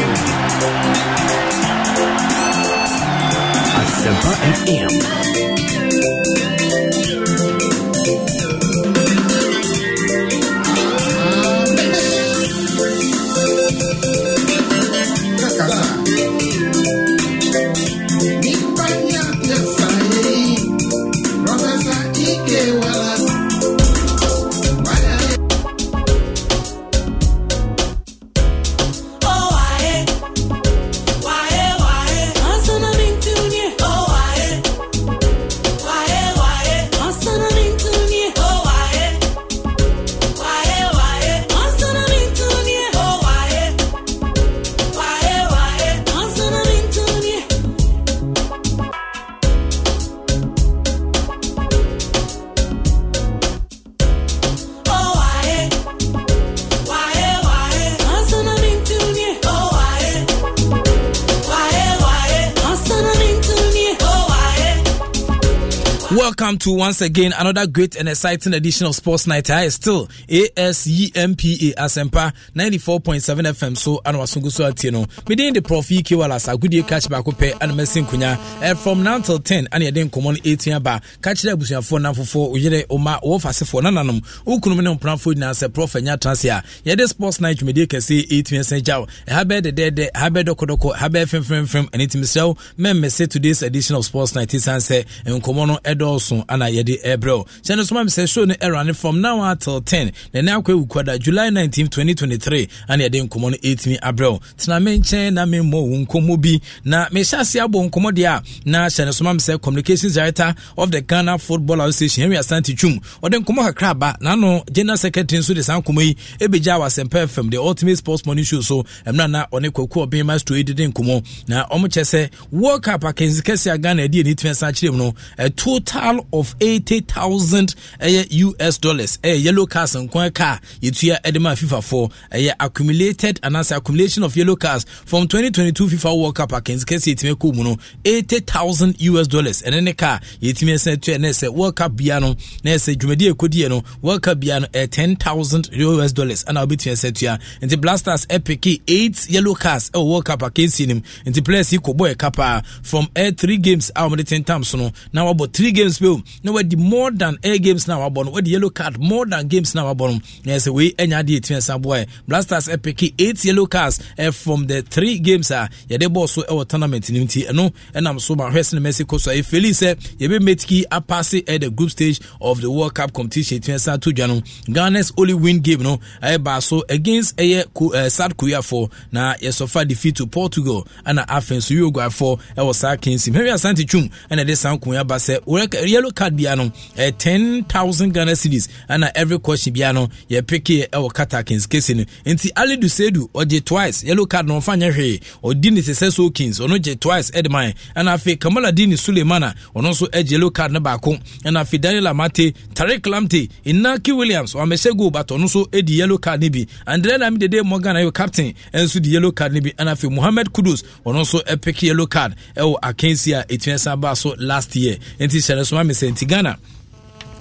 Asimba FM. to once again another great and exciting edition of Sports Night. I still ASEMPA Asempa 94.7 FM. So, and was so at you know, within the prof EK Wallace, a good year catch back up eh, and messing kunya eh, from now till 10 and you didn't come on 18 bar. Catch the bush phone now for four, Uyere Oma, Officer for Nananum, Ukunuminum Pranford Nasa, Prof and Yatrasia. Yet the Sports Night media can see 18 St. Jow, eh, Habed the Dead, Habed Okodoko, habe Fem Fem Fem, and it's Michelle. Mem, say today's edition of Sports Night is answer and Komono Edoson ana yɛde ɛbrɛ sɛ no soma me show no ɛrane from now until ten. 10 na ɛne akɔ awukwada july 19 2023 ana yɛde nkɔmmɔ no ɛtumi abrɛ tena me nkyɛn na memmɔ wo nkɔmmɔ bi na mehyɛ ase abɔ nkɔmmɔ deɛ a na hyɛ no soma me communications director of the ghana football association henry asante twum ɔde nkɔmmɔ kakra aba nano general secretary nso de saa nkɔmmɔ yi ɛbɛgya wɔ asɛmpa fm the ultimate sports money show so ɛmra na ɔne kwaku ɔben mastro yi dede nkɔmmɔ na ɔmo kyɛ sɛ world cup akansikɛsi a ghana adi ani tumi san kyerɛ mu no a total of 80,000 eh, US dollars. a yellow cars and coin car. here. Edema FIFA 4. a accumulated and as accumulation of yellow cars from 2022 FIFA World Cup against Kesi Yetime Kumuno. 80,000 US dollars. And then a car. Yetime to. and Nese World Cup Biano. Nese Jumedi Ekodiano. World Cup Biano. Eh, 10,000 US dollars. And I'll be to Sentu. And the Blasters Epic eight yellow cars. A World Cup against him. And the players he could e kapa from a three games. out of the 10 times. No, now about three games. Bill na wadi more than air games na wabɔ no wadi yellow card more than games na wabɔ no na ɛsɛ wei ɛnya adeɛ ɛtumi ɛsa boa ɛ blasters ɛpɛki eight yellow cards eh, from the three games a yɛde bɔɔ so ɛwɔ tournament no nti ɛno ɛnam so ma hwɛ sene mɛsi kɔ so a ɛfeli sɛ yɛbɛ metiki apase ɛ the group stage of the world cup competition ɛtumi ɛsa to dwa no ghana's only win game no ɛbaa so against ɛyɛ eh, south korea fɔ na yɛsɔfa defeat to portugal ɛna afei nso uruguay fɔ ɛwɔ saa kensim henry asante twum ɛna ɛde saa nkonya ba sɛ yellow card card bia no eh, 10000 ghana series ɛna every question bia no peke ɛwɔ katakins kese no nti alidu sedu ɔgye twice yellow card no ɔmfa nyɛ hwee ɔdi ne sɛ so kings ɔno gye twice ɛde man ɛna afei kamala di ne sulemana ɔno nso agye yellow card no baako ɛna afei daniel amate tarik lamte inaki williams ɔamɛhyɛ goal but ɔno nso di yellow card no bi andrɛ na medede morgan ayɛ captain ɛnso di yellow card no bi ɛna afei mohamed kudus ɔno nso ɛpeke yellow card ɛwɔ akansi a ɛtumi san baa so last year nti hyɛne soma me sɛ nti ghana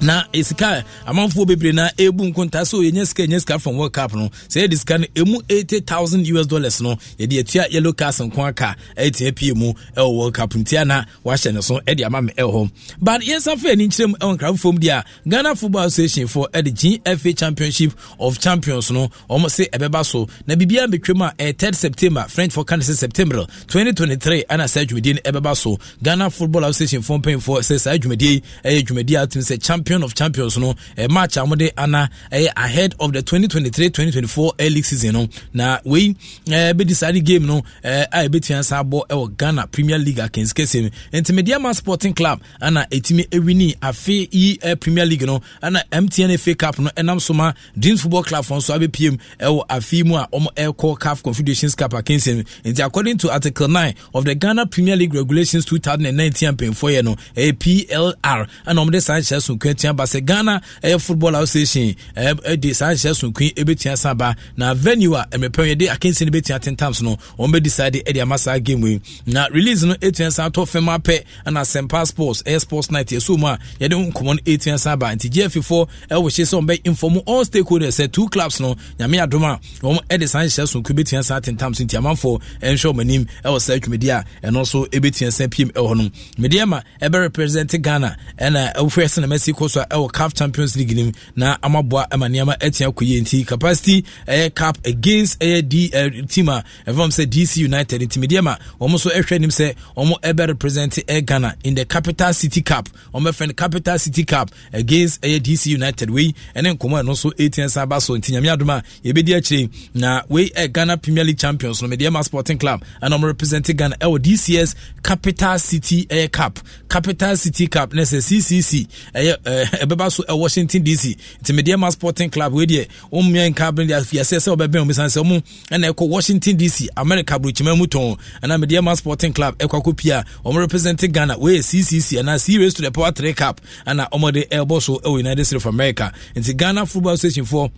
na sika amanfoɔ bebree na ɛbu nkonta sɛ yɛnya sika ɛnya sika from world cup no sɛ yɛde sika no ɛmu 80000 us dollars no yɛde atua yellow cars nko aka ɛtia pie mu ɛwɔ world cup nti ana wahyɛ ne so ɛde ama me ɛwɔ hɔ but yɛnsa fa ani nkyerɛ mu ɛwɔ nkramfom deɛ a ghana football association foɔ ɛde gfa championship of champions no ɔmo sɛ ɛbɛba so na biribiara mbɛtwam a ɛyɛ 3 september french for kane sɛ september 2023 ana saa dwumadie no ɛbɛba so ghana football association foɔ mpanyinfoɔ sɛ saa dwumadie yi ɛyɛ dwumadie a atum sɛ champion of champions no match a mode ana eh, ahead of the 2023-2024 air league season no na we eh, be decided game no eh, a ɛbɛtua sa e ɛwɔ ghana premier league akansikɛsɛ and nti sporting club ana ewini afi premier league no ana mtn fa cup no and so Dream dreams football club so PM, e ɛwɔ afi mu a caf confederations cup according to article 9 of the ghana premier league regulations 2019 and for no know plr and Sanchez de ɛbɛtua ba sɛ ghana ɛyɛ football association ɛde eh, eh, saa nhyɛ sonkui ɛbɛtua eh, san ba na venue a ɛmɛpɛn yɛde akansi no bɛtua tentams no wɔn bɛdi saa de ɛde ama saa game yi na release no ɛtua san atɔ fɛm apɛ ɛna sɛmpa sports ɛyɛ sports night ɛso mu a yɛde nkɔmɔ no ɛtua san ba nti gffoɔ ɛwɔhyɛ sɛ wɔn bɛ inform all stakeholders sɛ two clubs no nyame adom a wɔn ɛde saa nhyɛ sonkui bɛtua san tentams nti amanfoɔ ɛnhwɛ wɔn anim ɛwɔ saa dwumadi a ɛno nso ɛbɛtua san pm ɛwɔ no mede ɛma ɛbɛ represent ghana ɛna ɛwofɛ sɛ na mɛsi goals a ɛwɔ CAF Champions League nim na amaboa ama nneɛma atia kɔyɛ nti capacity ɛyɛ cap against ɛyɛ D team a ɛfam sɛ DC United nti medeɛ ma wɔn nso ɛhwɛ nim sɛ wɔn ɛbɛ represent ɛyɛ Ghana in the Capital City Cup wɔn bɛfɛ no Capital City Cup against ɛyɛ DC United wei ɛne nkɔmɔ ɛno nso etia san ba so nti nyame adoma yɛbɛdi akyire na wei ɛyɛ Ghana Premier League Champions no medeɛ ma Sporting Club ɛna wɔn represent Ghana ɛwɔ DCS Capital City ɛyɛ Cup Capital City Cup ne sɛ CCC ɛyɛ ɛɛ ɛbɛba so washington dc nti medeɛ ma sporting club wei deɛ wɔmmia nka fiasɛ sɛ wɔbɛbɛn omi sane sɛ mu ɛna ɛkɔ washington dc america burokyima mu tɔn ɛna medeɛ ma sporting club ɛkɔ akɔpia wɔn represente ghana wɔyɛ ccc anaa c race to the power three cap ɛna wɔde ɛbɔ so ɛwɔ united states of america nti ghana football association foɔ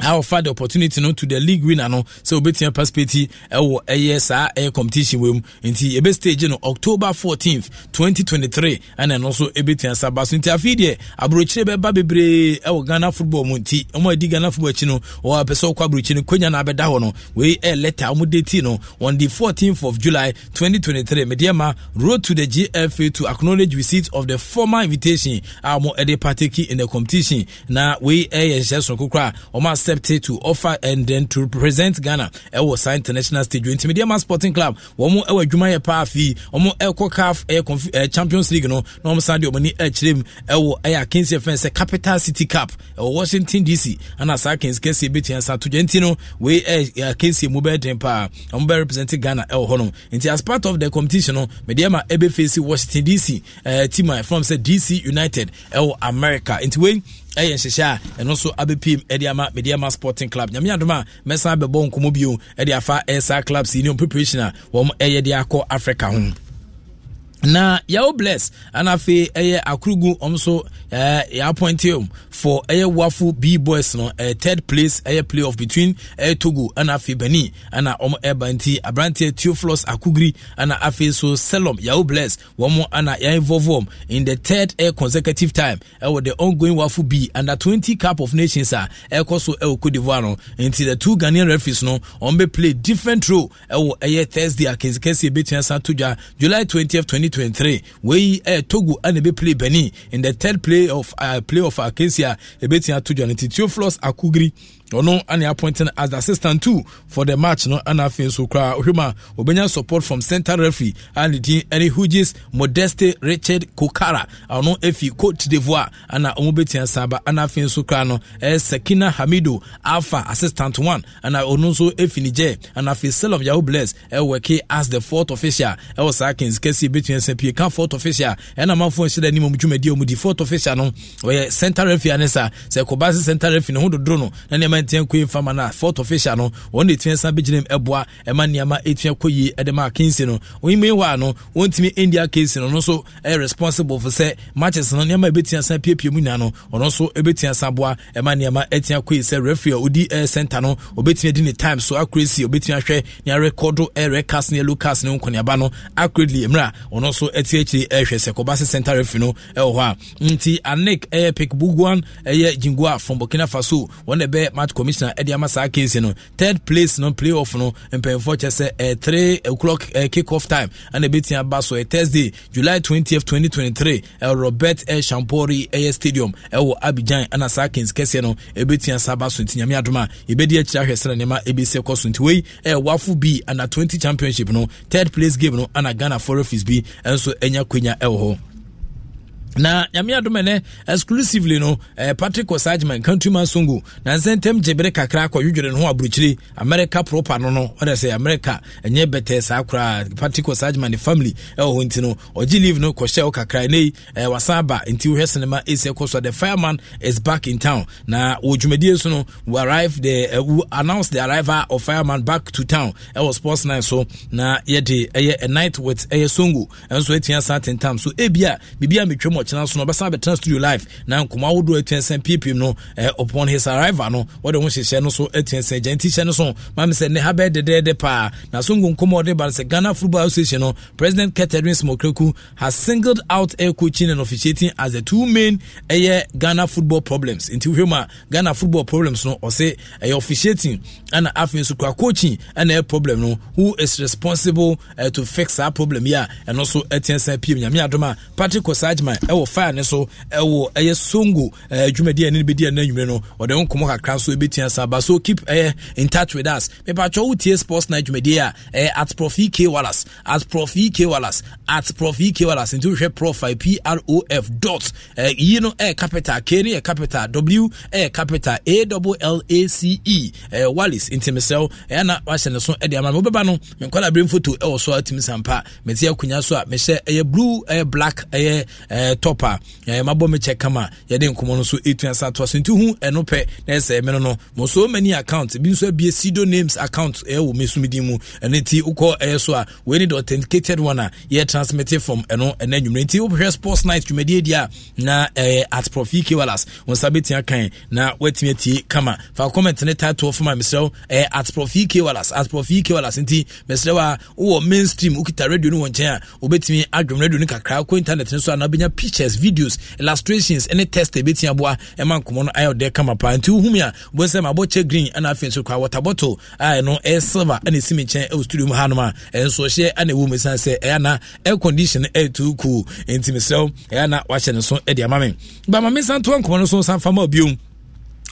I offer the opportunity no to the league winner no sɛ obɛtumi participate ɛwɔ ɛyɛ saa ɛyɛ competition wɔ mu nti ɛbɛ stage no October 14th 2023 ɛna ɛno nso ɛbɛtumi asa In so nti afei deɛ aburokyire bɛba bebree ɛwɔ Ghana football mu nti wɔn a Ghana football akyi no wɔn a pɛ sɛ ɔkɔ aburokyire no konya na abɛda hɔ no wei ɛyɛ letter wɔn de ti on the 14th of July 2023 medeɛ ma road to the GFA to acknowledge receipt of the formal invitation a wɔn ɛde partake in the competition na wei ɛyɛ nhyɛ sonokokora wɔn as accepted to offer and then to represent Ghana ɛwɔ saa international stage nti man Sporting Club wɔn ɛwɔ adwuma yɛ paa fii wɔn ɛkɔ CAF ɛyɛ Champions League no na wɔn san de wɔn ani ɛkyerɛ mu ɛwɔ ɛyɛ akansi ɛfɛn sɛ Capital City Cup ɛwɔ Washington DC ɛna saa akansi kɛseɛ bi tia saa todwa nti no wei ɛyɛ akansi mu bɛyɛ den paa wɔn bɛ represent Ghana ɛwɔ hɔnom nti as part of the competition no Mediama ɛbɛ face Washington DC ɛɛ eh, team a eh, ɛfam sɛ DC United ɛwɔ America nti wei ɛyɛ nhyehyɛ a ɛno nso abɛpiem ɛde ama mediama sporting club nyame adom a mɛsan bɛbɔ nkɔmmɔ bio ɛde afa ɛyɛ saa clubs yi ne preparation a wɔm ɛyɛ de akɔ africa ho na yɛwo bless ana afei ɛyɛ akorogu ɔm so yɛappointe om for ɛyɛ WAFU b boys no ɛyɛ third place ɛyɛ playoff between ɛyɛ togo ana afei bani ana ɔm ɛba nti aberanteɛ teoflos akogiri ana afei so selom yɛwo bless wɔn mo ana yɛinvolve wɔm in the third ɛyɛ consecutive time ɛwɔ the ongoing WAFU b under 20 cup of nations a ɛkɔ so ɛwɔ cote divoire no nti the two ghanaian referees no ɔm bɛ play different role ɛwɔ ɛyɛ thursday akansikɛsi ebetua san to july 20th 20 2023 wei ɛyɛ eh, togo ɛna eh, ebe play benin in the third play of uh, play of acacia ebetia to join titio floss akugiri ɔno ane appointing as the assistant too for the match no ana afei nso koraa ohwɛ a obɛnya support from central referee a ne din ɛne hugis modeste richard kokara ɔno ɛfi e, cote d'ivoire ana ɔmo Saba. saa ba ana afei nso koraa no ɛyɛ eh, sakina hamido alpha assistant one ana ɔno nso ɛfi e, ne gyɛ ana afei selom yahoo bless ɛwɔke eh, as the fourth official ɛwɔ eh, saa kins kɛseɛ bɛtua sɛ pie ka fourth official ɛna amanfoɔ nhyɛ da anim ɔmo dwumadi ɔmo di fourth official no ɔyɛ central referee ane saa sɛ ɛkɔba se central referee ne ho dodoro no na nneɛma government yɛn kɔ fama no a fort official no wɔn de tia san bɛgyina mu ɛboa ɛma nneɛma ɛtua kɔ yie ɛde ma akensi no onyima hɔ a no wɔntumi india case no no nso ɛyɛ responsible for sɛ matches no nneɛma ɛbɛtua san piepie mu nyinaa no ɔno nso ɛbɛtua san boa ɛma nneɛma ɛtua kɔ yie sɛ referee a odi ɛyɛ center no obɛtumi di ne time so accuracy obɛtumi ahwɛ ne arɛkɔdo ɛyɛ cast ne yellow cast ne nkɔneaba no accurately mmerɛ a ɔno nso ɛte akyiri ɛhwɛ sɛ kɔba sɛ center referee no ɛwɔ hɔ a nti anek ɛyɛ pikbuguan ɛyɛ jingua from burkina faso art commissioner ɛde ama saa case no third place no playoff off no mpanyinfoɔ kyɛ sɛ ɛɛ eh, three o'clock ɛɛ eh, kick time ɛna ebi tia ba so ɛɛ eh, thursday july twentieth twenty twenty three ɛɛ robert ɛɛ champori ɛyɛ stadium ɛwɔ abidjan ɛna saa case kɛseɛ no ebi tia saa ba so nti nyame adoma ebi di akyire ahwɛ sɛ nneɛma ebi sɛ kɔ so nti wei ɛɛ wafo bi ana twenty championship no third place game no ɛna ghana forest bi ɛnso ɛnya konya ɛwɔ hɔ na nyame adom ɛnɛ exclusively no eh, patrick osagman countryman songo nansɛntɛm gye bere kakra kɔdwodwere ne ho aburokyire america propa no no ɔdɛ sɛ america ɛnyɛ bɛtɛɛ saa koraa patrick osagman ne family ɛwɔ hɔ nti no ɔgye leave no kɔhyɛ wo kakra nei eh, wasan aba nti wohwɛ cinema ɛsɛ kɔ so the fireman is back in town na wɔ dwumadie so no arrive the uh, eh, we announce the arrival of fireman back to town ɛwɔ sports night so na yɛde ɛyɛ a night with ɛyɛ songo ɛnso atua sa tentam so ebia bibia metwam ɔkyena so no ɔbɛsan abɛtena studio live na nkɔmɔ ahodoɔ atuansɛn piepiem no eh, upon his arrival no wɔde ho hyehyɛ no so atuansɛn gya nti hyɛ no so maame sɛ ne ha bɛyɛ dɛdɛɛdɛ paa na so nkonkommɔ ɔde ba no sɛ ghana football association no president catherine smokreku has singled out air coaching and officiating as the two main ɛyɛ ghana football problems nti wohwɛ mu a ghana football problems no ɔse ɛyɛ eh, officiating ɛna afei nso kora coaching ɛna ɛyɛ problem no who is responsible eh, to fix saa problem yi a ɛno nso atuansɛn piem nyame adom patrick osagman ɛwɔ ɛwɔ fire ne so ɛwɔ ɛyɛ songo dwumadi a ne bɛdi ɛna nwumire no ɔde nkɔmɔ kakra nso ebɛtua sa ba so keep ɛyɛ in touch with us mepatwa wotie sports night dwumadi a ɛyɛ at prof ek wallace at prof ek wallace at prof ek wallace nti wohwɛ profi prof dot yi no ɛyɛ capital k no yɛ capital w ɛyɛ capital a double l a c e ɛyɛ wallace nti mesɛw ɛyɛ na wahyɛ ne so ɛde ama me wobɛba no menkɔla berɛ mfoto ɛwɔ so atumi sampa mete akonnwa so a mehyɛ ɛyɛ blue ɛyɛ black ɛyɛ ɛɛ top a yɛmabɔ me kyɛ kama yɛde nkɔmmɔ no so ɛtua sa toa so nti hu ɛno pɛ na ɛsɛ me no no mo so many account bi nso abie sido names account ɛwɔ me so medin mu ɛno nti wokɔ ɛyɛ so a wei ne the authenticated one a yɛ transmitted from ɛno ɛna nwumere nti wobɛhwɛ sports night dwumadie di a na ɛyɛ at profi e kewalas wo nsa bɛtia kan na woatumi atie kama fa comment ne title fama mesrɛ wo ɛyɛ at profi e kewalas at profi e kewalas nti mesrɛ a wowɔ mainstream wokita radio no wɔ nkyɛn a wobɛtumi adwom radio no kakra kɔ internet no so a na wobɛnya picture pictures videos illustrations ne test ɛbɛtumi aboa ɛma nkɔmɔ no ayɛ ɔdɛ kama paa nti wohu me a wobɛhu sɛ mabɔkyɛ green ana afei nso kora water bottle a ɛno ɛyɛ silver ɛna ɛsi me nkyɛn ɛwɔ studio mu hanom a ɛnso ɔhyɛ ana ɛwɔ mu ɛsiane sɛ ɛyɛ ana air condition ɛyɛ too cool nti mesrɛ wo ɛyɛ ana wahyɛ ne so ɛde ama me bama me san to nkɔmɔ no so san fa ma obiom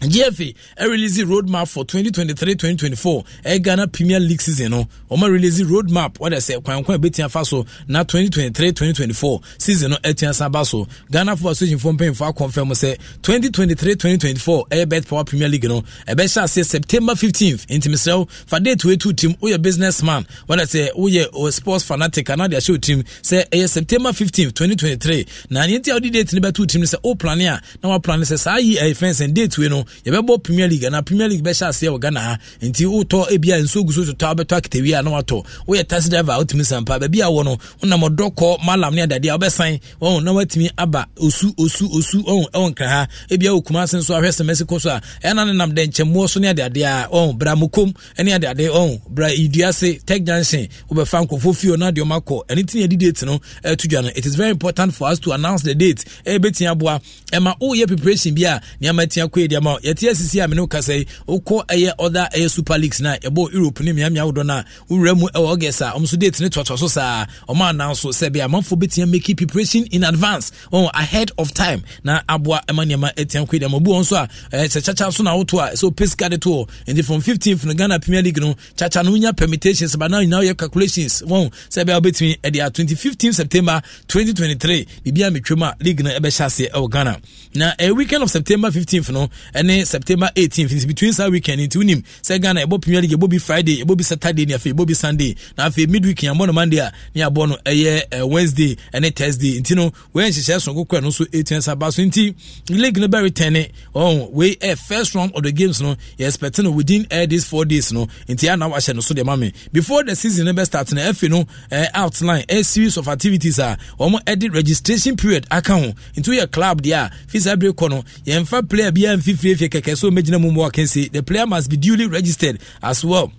gfa release road roadmap for 2023-2024 ɛyɛ ghana premier league season no wɔma release road map wɔde to kwankwan bɛtua fa so na 2023-2024 season no atua san ba so ghana football association fo mpanyinfo akɔnfɛn mu say 2023-2024 ɛyɛ bet power premier league no ɛbɛhyɛ oh, oh, say september 15th ntimisirɛw fa date team. tim woyɛ business man wɔde sɛ woyɛ sports fanatic anaa de ahyɛ o team. Say, ɛyɛ eh, september 15th 2023 na nea ti a did date ne two team. sɛ o oh, plan a na wa plan sɛ saa yi eh, date wei no. yɛbɛbɔ premier league anaa premier league bɛhyɛ aseɛ wɔ ghana ha nti wotɔ ebia nsuo gu so totɔ wobɛtɔ akatawia na watɔ woyɛ taxi driver a wotumi sampa baabi a wɔ no wonam ɔdɔ kɔ malam ne adadeɛ a wobɛsan ɔn na watumi aba osu osu osu ɔn ɛwɔ nkra ha ebia wɔ kuma ase nso ahwɛ sɛ kɔ so a ɛna ne nam dɛnkyɛmmoɔ so ne adadeɛ a ɔn bra mokom ne adadeɛ ɔn bra iduase tech junction wobɛfa nkɔfo fie ɔna deɛ ɔmakɔ ɛne ti ne yɛde date no ɛto dwa no it is very important for us to announce the date ɛbɛtia aboa ɛma woyɛ preparation bi a nneɛma no yɛte asisi a mene kasa yi wokɔ ɛyɛ other ɛyɛ super leagues na ɛbɔ europe ne miamia wodɔ no a wowura mu ɛwɔ august a ɔm so date ne toatoa so saa ɔma ananso sɛ bia amanfoɔ bɛtia make preparation in advance oh, ahead of time na aboa ɛma nneɛma atia kɔ deɛ mabu wɔn so a sɛ kyakya so na woto a sɛ wopɛ sika de toɔ nti from 15th no ghana premier league no kyakya no wonya permutations ba na nyinaa woyɛ calculations wɔn sɛ bia wobɛtumi ɛde a 2015 september 2023 biribia metwam a league no ɛbɛhyɛ aseɛ ɛwɔ ghana na ɛyɛ weekend of september 15th no ɛne september 18 nti between saa weekend nti wonim sɛ ghana yɛbɔ premier league yɛbɔ bi friday yɛbɔ bi saturday ne afei yɛbɔ bi sunday na afei midweek yɛabɔ no monday a ne yɛabɔ no ɛyɛ wednesday ɛne thursday nti no wɔyɛ nhyehyɛ sonko kora no nso ɛtua sa ba so nti league no bɛretɛne ɔn wei ɛ first round of the games no yɛexpect no within uh, these four days no nti ana wahyɛ no so deɛ ma before the season no bɛstart no ɛfe no uh, outline a series of activities a wɔn ɛde registration period aka ho nti woyɛ club deɛ a fisa bere kɔ no yɛmfa player biara mfifiri fie kɛkɛ so mɛgyina mu mu ɔkensi the player must be duly registered as well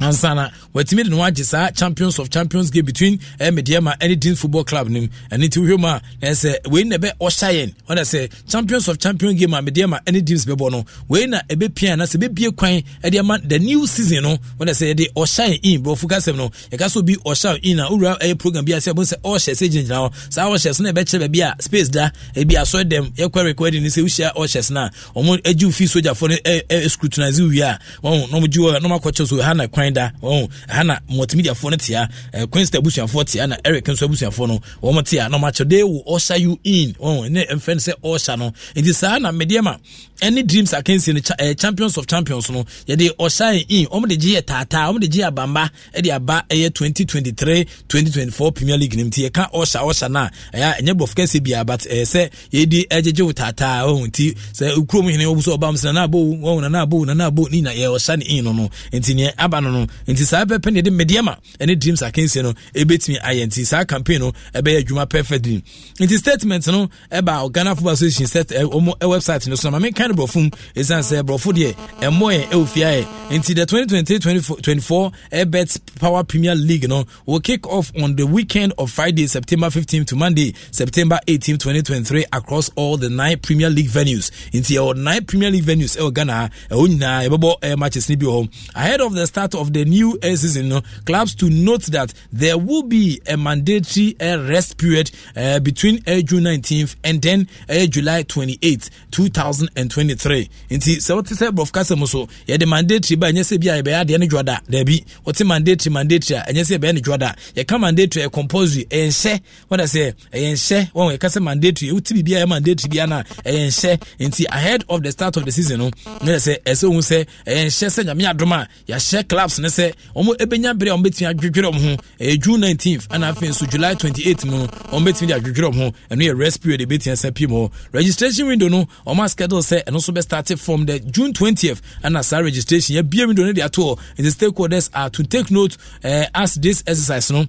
ansana watumi de ne wagye saa champions of champions game between eh, mediama ɛne football club nim ɛno nti wohwɛ mu a na sɛ wei na ɛbɛ ɔhyɛ yɛn ɔna sɛ champions of champions game a mediama ɛne dims bɛbɔ no wei na ɛbɛpia na sɛ ɛbɛbie kwan ɛde ama the new season no ɔna sɛ yɛde ɔhyɛ yɛn in borɔfo kasɛm no yɛka sɛ obi ɔhyɛ in a wowura ɛyɛ program bi a sɛ sɛ ɔhyɛ sɛ gyinagyina hɔ saa ɔhyɛ so na ɛbɛkyerɛ baabi a space da ebi asɔ dɛm yɛkɔ rekɔdi ne sɛ wohyia ɔhyɛ so no a ɔmo agye wo no sogyafoɔ no scrutinise wie a wɔn na akɔkyɛ so ha na kwan kwan da ɔn ana multimedia foɔ no tia ɛɛ eh, quinsta abusuafoɔ tia na eric nso abusuafoɔ no wɔn tia na wɔn akyerɛ de wo ɔhyɛ you in ɔn ne mfɛn sɛ ɔhyɛ no nti saa na ma. ɛne dreams akansi no ɛɛ champions of champions no yɛde ɔhyɛ in wɔn de gye yɛ taataa wɔn de gye yɛ abamba ɛde aba ɛyɛ twenty twenty three twenty twenty four premier league nim ti yɛka ɔhyɛ ɔhyɛ na ɛyɛ ɛnyɛ bɔf kɛse bia but ɛɛ eh, sɛ yɛdi ɛgyegye eh, wo taataa ɔn ti sɛ ekurom hene wɔbu so ɔbam sɛ nanaabo wɔn nanaabo nanaabo ne nyina yɛ ɔhyɛ ne in no no nti neɛ aba no no no nti saa bɛpɛ ne yɛde mediama ɛne dreams akansie no ɛbɛtumi ayɛ nti saa campaign no ɛbɛyɛ adwuma perfectly nti statement no ɛba ghana football association set ɔmo website no so na mameka no borɔfo mu ɛsiane sɛ borɔfo deɛ ɛmmɔ yɛn ɛwɔ fie ayɛ nti the 2023-24 airbet power premier league no will kick off on the weekend of friday september 15 to monday september 18 2023 across all the nine premier league venues nti ɛwɔ nine premier league venues ɛwɔ ghana ɛwɔ nyinaa yɛbɛbɔ matches ni bi wɔ hɔ ahead of the start of of the new air season, no, clubs to note that there will be a mandatory air rest period uh, between uh, June 19th and then uh, July 28 2023. Nti sɛ wote sɛ brɔfkasa mu so yɛde mandatory ba ɛnyɛ sɛ bi a yɛbɛyɛ adeɛ no dwada mandatory mandatory a ɛnyɛ sɛ yɛbɛyɛ no dwada yɛka mandatory a compulsory ɛyɛ nhyɛ wada sɛ ɛyɛ nhyɛ wɔn yɛka sɛ mandatory ɛwote biribi a ɛyɛ mandatory bi a ɛyɛ nhyɛ nti ahead of the start of the season no ne yɛ sɛ ɛsɛ a sɛ ɛyɛ nhyɛ sɛ nyame adom a clubs plans ne sɛ wɔn bɛnya bere a wɔn bɛtumi adwedwerɛ wɔn ho ɛyɛ june nineteenth ɛna afei nso july twenty eight mu no wɔn bɛtumi de adwedwerɛ wɔn ho ɛno yɛ rest period ebɛtumi ɛsɛ pii mu registration window no wɔn a schedule sɛ ɛno nso bɛ start from the june twentieth ɛna saa registration yɛ bie window no de ato hɔ nti stakeholders are to take note uh, as this exercise no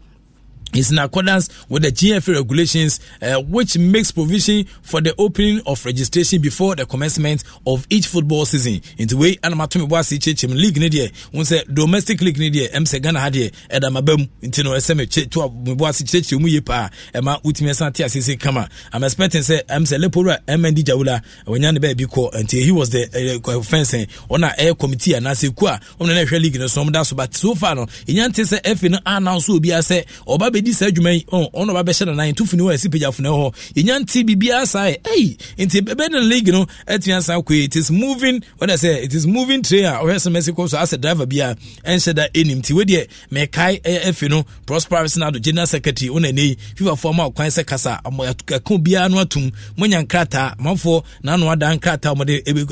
is in accordance with the GFA regulations, uh, which makes provision for the opening of registration before the commencement of each football season. In the way, Anamatumi Wasi Chechim League Nidia, once domestic league Nidia, MC Ghana Hadia, Edamabem, Intino SM, to Wasi Chechim Muyipa, Emma Utime Santi Assisi Kama. I'm expecting, say, MC Lepora, MND Jaula, when Yan Baby call until he was the uh, fencing on our air committee and Nasi Kwa, on the National League, no, some that's about so far. In Yantis, F in announced will be, I say, or Baby bɛdi saa adwuma yi ɔno ɔba bɛhyɛ nanan tufuni wɔ ɛsi pagya funɛ hɔ yɛnya nte biribiara saa ɛ ɛyi nti bɛbɛ na league no atumi asa akɔ it is moving wɔde sɛ it is moving train a ɔhwɛ sɛ mɛsi kɔ so asɛ driver bi a ɛnhyɛ da ɛnim ti wɔdeɛ mɛkae ɛyɛ ɛfɛ no prosperous na do general secretary wɔn ani fifa fɔ ɔmo akwan sɛ kasa ɔmo ɛko biara no atum mɔnya nkrataa amanfoɔ n'ano adan nkrataa ɔmo de ɛyɛ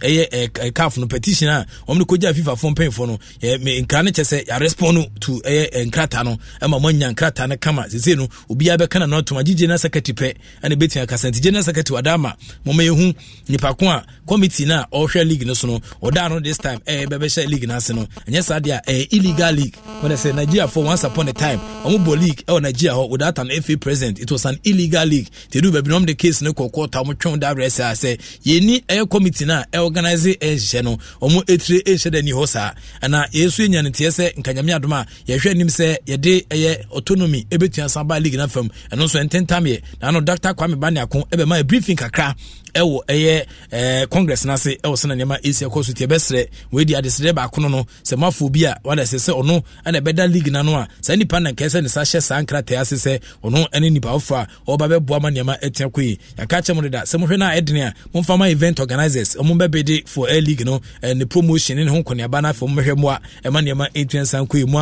ɛɛ no petition a ɔmo de kogya fifa fɔ mpanyinfoɔ no ɛɛ nkran kyɛ sɛ yɛ to ɛyɛ nkrataa no ɛma mɔnya anya nkrataa no kama sesei no obiaa bɛka na no atoma gye general secretary pɛ ɛna bɛtumi akasa nti general secretary wada ama moma yɛhu nipa ko a committee no a ɔhwɛ league no so no ɔdaa no this time ɛyɛ bɛbɛhyɛ league no ase no ɛnyɛ saa deɛ a ɛyɛ illegal league wɔde sɛ nigeria for once upon a time ɔmo bɔ league ɛwɔ nigeria hɔ without an fa president it was an illegal league te du baabi na ɔmo de case no kɔkɔɔ ta ɔmo twɛn da abrɛ sɛ sɛ yɛni ɛyɛ committee no a ɛorganise ɛnhyehyɛ no ɔmo etire ɛnhyɛ dɛ ni hɔ saa ɛna yɛn nso yɛnya ne sɛ nkanyamia dom a yɛhwɛ anim sɛ yɛde ɛyɛ autonomy ɛbɛtua san ba league no fam ɛno nso ɛntentamyɛ naano dr kwame baneako ɛbɛma yɛ briefing kakra ɛwɔ ɛyɛ ɛɛ congress n'ase ɛwɔ sɛ na nneɛma esi ɛkɔ so tie bɛsrɛ wɔadi adesrɛ baako no no sɛ mafo bi a wada sɛ sɛ ɔno ɛna ɛbɛda league n'ano a saa nipa na nkɛyɛ sɛ ne sa hyɛ saa nkrataa ase sɛ ɔno ɛne nipa foforɔ a ɔba bɛboa ma nneɛma ɛtia kɔ yi yaka kyɛm deda sɛ mohwɛ no a ɛdene a momfa ma event organisers ɔmo bedi for air league no ɛɛ eh, ne promotion ne ho nkɔneaba n'afɛ ɔmo bɛhwɛ mmoa ɛma e nneɛma ɛtua nsa nkɔ yi mu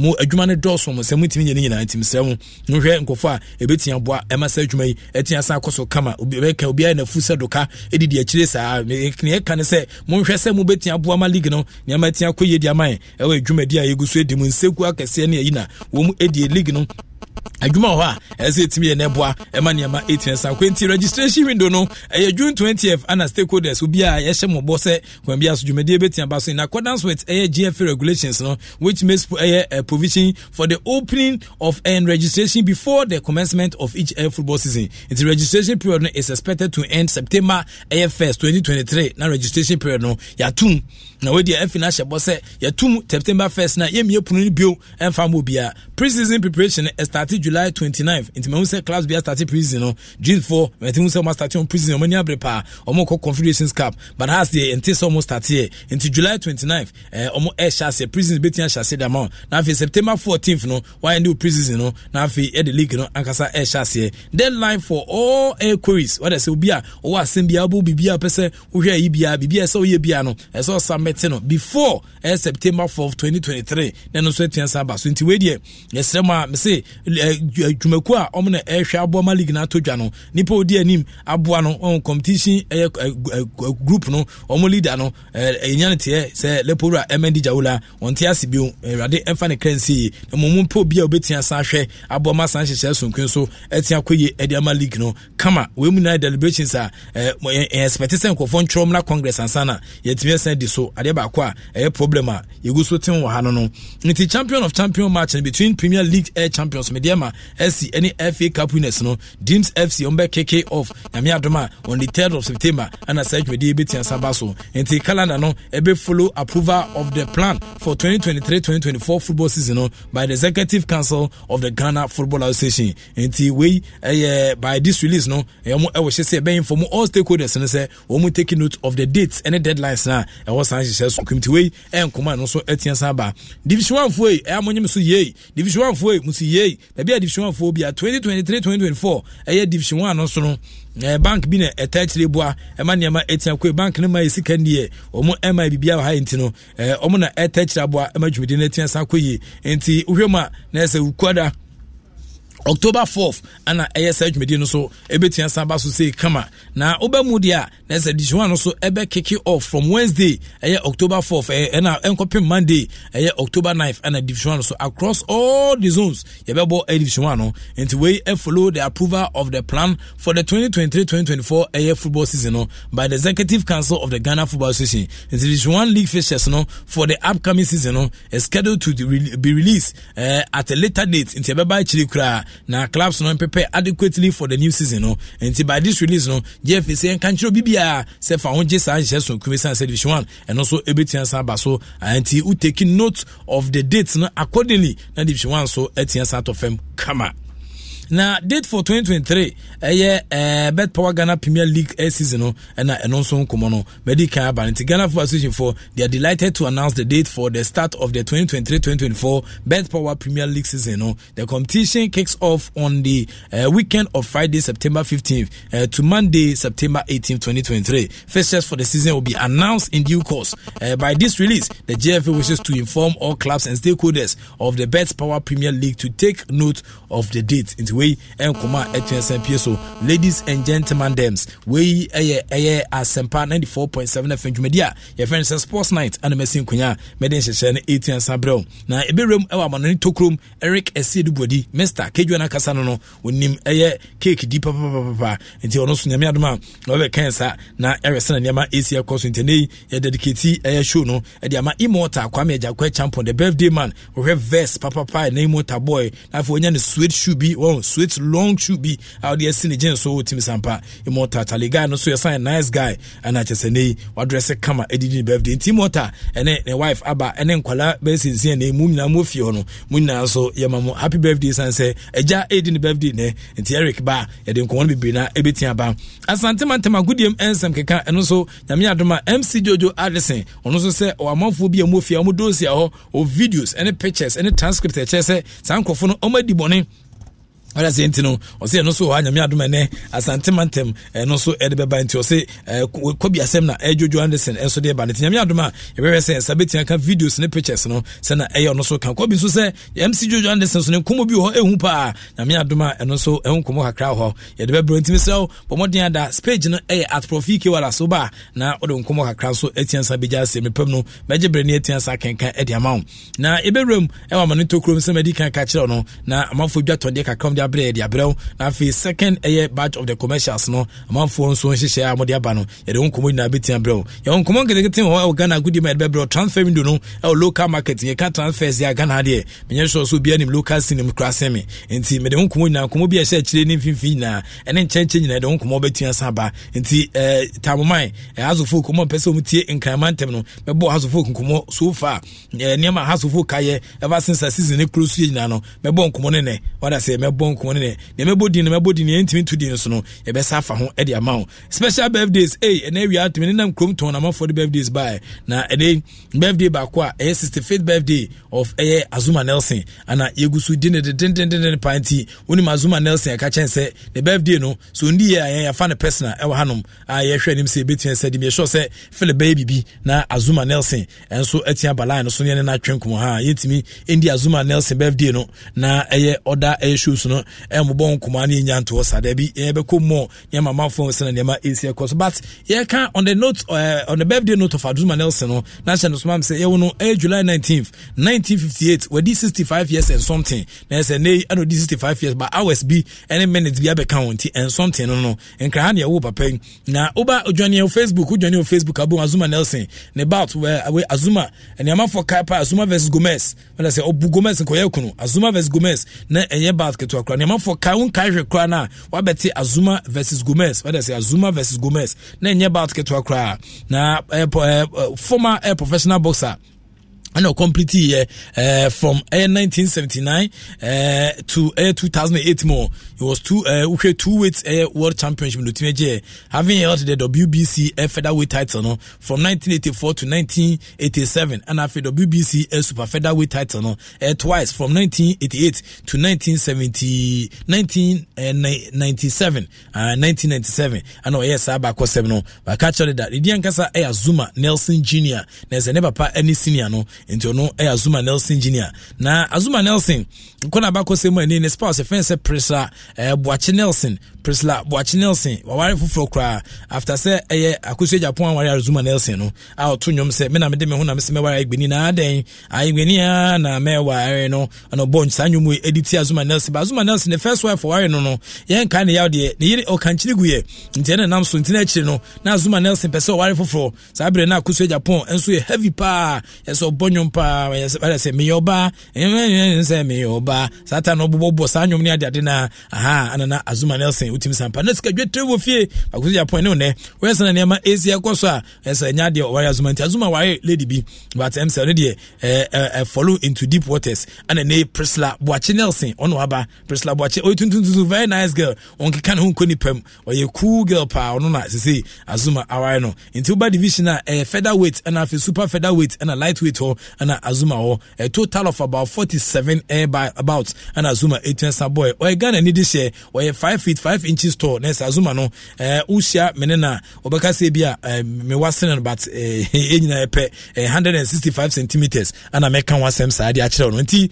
mo adwuma mo sɛ ti tumi nyɛ ne nyinaa ntim sɛ mu nhwɛ nkɔfo a ɛbɛtumi aboa ɛma saa adwuma yi ɛtumi asan akɔ so kama bɛka obiara nafu sɛ doka ɛdidi akyire saa neɛ ɛka ne sɛ monhwɛ sɛ mobɛtumi aboa ma league no nneɛma ɛtumi akɔ yie de ama ɛ ɛwɔ adwumadi a yɛgu so adi mu nsɛku akɛseɛ ne ayi na wɔm ɛdie league no adwuma wɔ hɔ a ɛsɛ ɛtumi yɛ nɛboa ɛma nneɛma ɛtina sa kwenti registration window no ɛyɛ june 20th ana stakeholders obiaa yɛhyɛ mmɔbɔ sɛ kwan bi aso dwumadie bɛtia ba so in accordance with ɛyɛ gfa regulations no which makes ɛyɛ eh, provision for the opening of and registration before the commencement of each air football season nti registration period no is expected to end september ɛyɛ 1st 2023 na registration period no yɛatom na wei deɛ afi no ahyɛ bɔ sɛ yɛtom september first st na yɛmmie pono no bio ɛmfa mɔ biaa preseason preparation ɛstarte july 29 nti mahu sɛ class bia starte preseason no june 4 matihu sɛ ɔma starte on preseason ɔmani abere paa ɔmokɔ confederations cup but has deɛ ɛnte sɛ ɔmo starteɛ nti july 29 ɔmo ɛhyɛ aseɛ preseason bɛtumi ahyɛ aseɛ dama na afei september 14 no wayɛ ne wo preseason no na afei ɛde league no ankasa ɛhyɛ aseɛ deadline for all inquiries wɔde sɛ obi a ɔwɔ asɛm biaa wobɔ biribiaa wopɛ sɛ wohwɛ yi biaa biribiaa ɛsɛ woyɛ biaa no ɛsɛ ɔsamɛ mete no before ɛyɛ eh, september 4 2023 na ɛno nso atua sa aba so nti wei deɛ yɛsrɛ mu a mese eh, eh, dwumaku a ɔmo na ɛrehwɛ aboa ma league no ato dwa no nipa odi anim aboa no ɔn competition ɛyɛ group no ɔmo leader no ɛnya ne teɛ sɛ leporo a ɛmɛndi gyawola ɔnte ase bio awurade ɛmfa ne currency yi na mmom mpo bi a obɛtua san ahwɛ aboa ma san hyehyɛ sonkun so ɛtia kɔ yie ɛde ama league no kama wei mu nyinaa deliberations a ɛyɛ expect sɛ nkɔfoɔ ntwerɛm na congress ansa na yɛtumi ɛsan di so adeɛ baako a ɛyɛ problem a yɛgu so ten wɔ ha no no nti champion of champion match no between premier league air champions medeɛ ma fc ne fa cup winners no deems fc ɔmbɛkeke off nyame adom a on the third of september ana saa adwumadeɛ yɛbɛtia sa ba so nti calendar no follow approval of the plan for 2023-2024 football season no by the executive council of the ghana football association nti wei ɛyɛ by this release no ɛyɛ mo ɛwɔ hyɛ sɛ ɛbɛyɛ inform all stakeholders no sɛ wɔn mu take note of the dates ɛne deadlines na ɛwɔ san hyehyɛ so kumti wei no nso atia san ba division one foɔ yi ɛyɛ amonyim so yie division one foɔ yi musu yie baabi a division one foɔ bi a twenty twenty three twenty twenty four ɛyɛ division one no so no ɛɛ bank bi na ɛta akyire boa ɛma nneɛma etia koe bank ne ma yɛ sika nie wɔn ɛma bibi a ha nti no ɛɛ wɔn na ɛta akyire aboa ɛma dwumadie na etia san koe yie nti wohwɛ mu a na ɛsɛ wukuada october fourth, th ana ɛyɛ saa dwumadi no so ɛbɛtua san ba so sei kama na woba mu deɛ a na ɛsɛ edition no so ɛbɛkeke off from wednesday ɛyɛ october fourth, th ɛna ɛnkɔpem monday ɛyɛ october ninth, th ɛna division no so across all the zones yɛbɛbɔ ɛdivision no nti wei ɛfollow the approval of the plan for the 2023-2024 ɛyɛ football season no by the executive council of the ghana football association nti division one league fixtures no for the upcoming season no is scheduled to be released uh, at a later date nti ɛbɛba akyire koraa na clubs no mpepɛ adequately for the new season no nti by this release no gfa sɛ nka nkyerɛ obi biara sɛ fa ho gye saa nhyɛ so kumi san sɛ division one ɛno nso ɛbɛtua san aba so uh, nti wotaki note of the date no accordingly na division one nso atua san atɔ fam kama na date for 2023 ɛyɛ ɛɛ eh, bet power ghana premier league air season no ɛna ɛno nso nkɔmɔ no mɛdi kan aba nti ghana football association for they are delighted to announce the date for the start of the 2023-2024 bet power premier league season no the competition kicks off on the uh, weekend of friday september 15th uh, eh, to monday september 18th 2023 First test for the season will be announced in due course uh, by this release the gfa wishes to inform all clubs and stakeholders of the bet power premier league to take note of the date into wei nkɔmɔ a ɛtua sɛn pie so ladies and gentleman dems wei ɛyɛ ɛyɛ asɛmpa ninety four point seven fm dwumadi a yɛfrɛ no sɛ sports night ɛna mɛ si nkonya a mɛde nhyehyɛ no etua nsa brɛw na ebɛwuram ɛwɔ amanoni tokurom eric ɛsi edubuadi mr kejua n'akasa no no onim ɛyɛ cake di papapapa nti ɔno nso nyame adum a ɔbɛ kɛn sa na ɛresɛn nneɛma esi ɛkɔ so nti ne yi yɛ dedicate ɛyɛ show no ɛde ama immortal kwame agyakoe champion the birthday man wɔhwɛ verse papapa ɛna immortal boy afei onya ne sweet shoe bi wɔn sweet long shoe bi a wɔde asi ne gye nso wɔ timi sampa immortal tali guy no so yɛsan yɛ nice guy ɛna kyerɛ sɛ ne yi wadrɛsɛ kama ɛdidi ne birthday nti immortal ɛne ne wife aba ɛne nkwadaa bɛyɛ sinsin ne mu nyinaa mu fie hɔ no mu nyinaa nso yɛma mu happy birthday san sɛ ɛgya ɛdi ne birthday ne nti eric ba yɛde nkɔmɔ no bebree na ɛbɛtia ba asantemantem agodiem ɛnsɛm keka ɛno nso nyame adoma mc jojo addison ɔno nso sɛ ɔamanfoɔ bi a mu fie a ɔmo dosia hɔ ɔ videos ɛne pictures ɛne transcript ɛkyerɛ sɛ saa nkurɔfoɔ no ɔmo adi bɔne ɔyɛ sɛ nti no ɔsɛ ɛno so wɔ anyame adom ɛnɛ asantema eh, ntɛm ɛno so ɛde bɛba nti ɔsɛ eh, kɔbi asɛm na ɛdwodwo eh, anderson ɛnso de ɛba no nti nyame adom a yɛbɛhwɛ sɛ ɛsa bɛtumi aka videos ne pictures no sɛ na ɛyɛ ɔno so ka kɔbi nso sɛ mc dwodwo anderson so ne nkɔmmɔ bi wɔ e hɔ ɛhu paa nyame adom a ɛno so ɛho nkɔmmɔ kakra wɔ hɔ yɛde bɛbrɛ ntimi sɛ bɔ mmɔden ada spage no ɛyɛ atprofi ke wala so ba na wode nkɔmmɔ kakra so atia sa bɛgya asɛ mepam no mɛgye berɛ ne atia sa kenka ɛde ama wo na ɛbɛwuram ɛwɔ ama no ntɔkurom sɛ madi kan ka kyerɛ no na amanfoɔ dwa tɔndeɛ kakram de abrɛ yɛde abrɛ na afei second ɛyɛ batch of the commercials no amanfoɔ nso nhyehyɛ a mode aba no yɛde wo nkɔmmɔ nyinaa bɛtia brɛ wo yɛwo nkɔmmɔ nketekete wɔ ɛwɔ ghana agudi ma yɛde bɛbrɛ transfer window no ɛwɔ local market yɛka transfers yɛ a ghana deɛ menyɛ sure sɛ obiaa nim local scene mu koraa sɛ me enti mede wo nyinaa nkɔmmɔ bi a ɛhyɛ akyire ne mfimfini nyinaa ɛne nkyɛnkyɛn nyinaa yɛde wo nkɔmmɔ bɛtua sa ba nti eh, tamoman eh, hasofo nkɔmmɔ mpɛ sɛ ɔmtie nkrama ntɛm no mɛbɔ hasofo nkɔmmɔ so far eh, nneɛma hasofo kayɛ ɛva sinsa season ne kuro so yɛ nyinaa no mɛbɔ nkɔmmɔ wɔn nko ne nea mɛbɔ din na mɛbɔ din nea ntumi to din so no yɛbɛsa afa ho de ama wo special birthdays ei ɛnɛ wia atumi ne nam kurom tɔn amafoɔ de birthdays bae na ɛde birthday baako a ɛyɛ sixty fifth birthday of ɛyɛ azuma nelson ana yɛgu so di ne dedendenden paa nti wonim azuma nelson ɛka kyɛn sɛ ne birthday no so ndi yɛ a yɛyɛfa ne personal ɛwɔ hanom a yɛhwɛ anim sɛ yɛbɛtumi sɛ de meyɛsure sɛ philip bɛyɛ biribi na azuma nelson ɛnso atia balan no so ne ɛne no atwe nkɔmmɔ ha yɛntumi ndi azuma nelson birthday no na ɛyɛ ɔda ɛyɛ shows no no ɛmmobɔ no yɛnya ntoɔ sa daabi yɛbɛkɔ mu nneɛma mafo sɛna nneɛma ɛsi ɛkɔ so but yɛka on the note uh, on the birthday note of adusuma nelson no na hyɛ no soma m sɛ yɛwo no ɛyɛ eh, july 19th 1958 wɔdi 65 years and something na ɛsɛ nɛ ɛna ɔdi 65 years but hours bi ɛne minutes bi abɛka wɔn nti and something no no nkra ne ɛwo papa yi na woba odwane wɔ facebook wodwane wɔ facebook abo azuma nelson ne bout eh, wɛ azuma nneɛmafoɔ kaipa azuma vs gomez wɔn sɛ ɔbu gomez nkɔyɛ kunu azuma vs gomez na ɛyɛ bout ketewa kora nneɛma fo kae wo nkae hwɛ kora no a wabɛte azuma versus gomez wade sɛ azuma versus gomez na ɛnyɛ bout ketewa koraa na eh, eh, eh, former eh, professional boxer ɛna complete yɛ uh, from ɛyɛ uh, 1979 uh, to ɛyɛ uh, 2008 mu it was two uh, wohwɛ two weight ɛyɛ world championship no tumi agyeɛ having held the WBC uh, featherweight title no from 1984 to 1987 ɛna afei WBC uh, super featherweight title no uh, twice from 1988 to 1970 1997 uh, 1997 ɛna ɔyɛ saa baako sɛm no baka kyerɛ deda ɛdi ankasa ɛyɛ Zuma Nelson Jr. na ɛsɛ ne papa ɛne senior no nti ɔno ɛyɛ azuma nelson junior na azuma nelson nkɔla abakɔ sɛ mu ani ne spouse fɛn sɛ prisla ɛɛ buakye nelson prisla buakye nelson waware foforɔ koraa after sɛ ɛyɛ akosua japan aware azuma nelson no a ɔto nnwom sɛ mena mede me ho na mesɛ mɛware agbani na adɛn agbani a na mɛware no ɛna ɔbɔ saa nnwom yi ɛde ti azuma nelson ba azuma nelson ne first wife ware no no yɛnka ne yaw deɛ ne yere ɔkankyere gu yɛ nti ɛna nam so nti no no na azuma nelson pɛ sɛ ɔware foforɔ saa berɛ no akosua japan nso yɛ heavy paa yɛsɛ ɔbɔ nnwom paa sɛ meyɛ ɔbaa meyɛ ɔbaa saa no ɔbobɔbɔ saa nnwom ne adeade no aha anana azuma nelson wotumi sampa na sika dwetire wɔ fie akɔsi japɔn ne wo nɛ woyɛ sɛ na nneɛma ɛsi ɛkɔ so a ɛyɛ sɛ adeɛ ɔware azuma nti azuma ware lady bi but ɛm sɛ ɔno deɛ follow into deep waters ana ne prisla boakye nelson ɔno waba prisla boakye ɔyɛ tuntuntuntum very nice girl ɔnkeka ne ho nkɔ nipa ɔyɛ cool girl paa ɔno na sesei azuma aware no nti woba division a ɛyɛ feather weight afei super featherweight, weight ɛna light weight hɔ ana azuma hɔ a total of about 47 air by about ana azuma 18 sa boy ɔyɛ ghana ni de hyɛ ɔyɛ 5 feet 5 inches tall na sɛ azuma no wohyia mene na ɔbɛka sɛ bi a mewasene no but ɛnyina 165 centimeters ana mɛka ho asɛm saa de akyerɛ no nti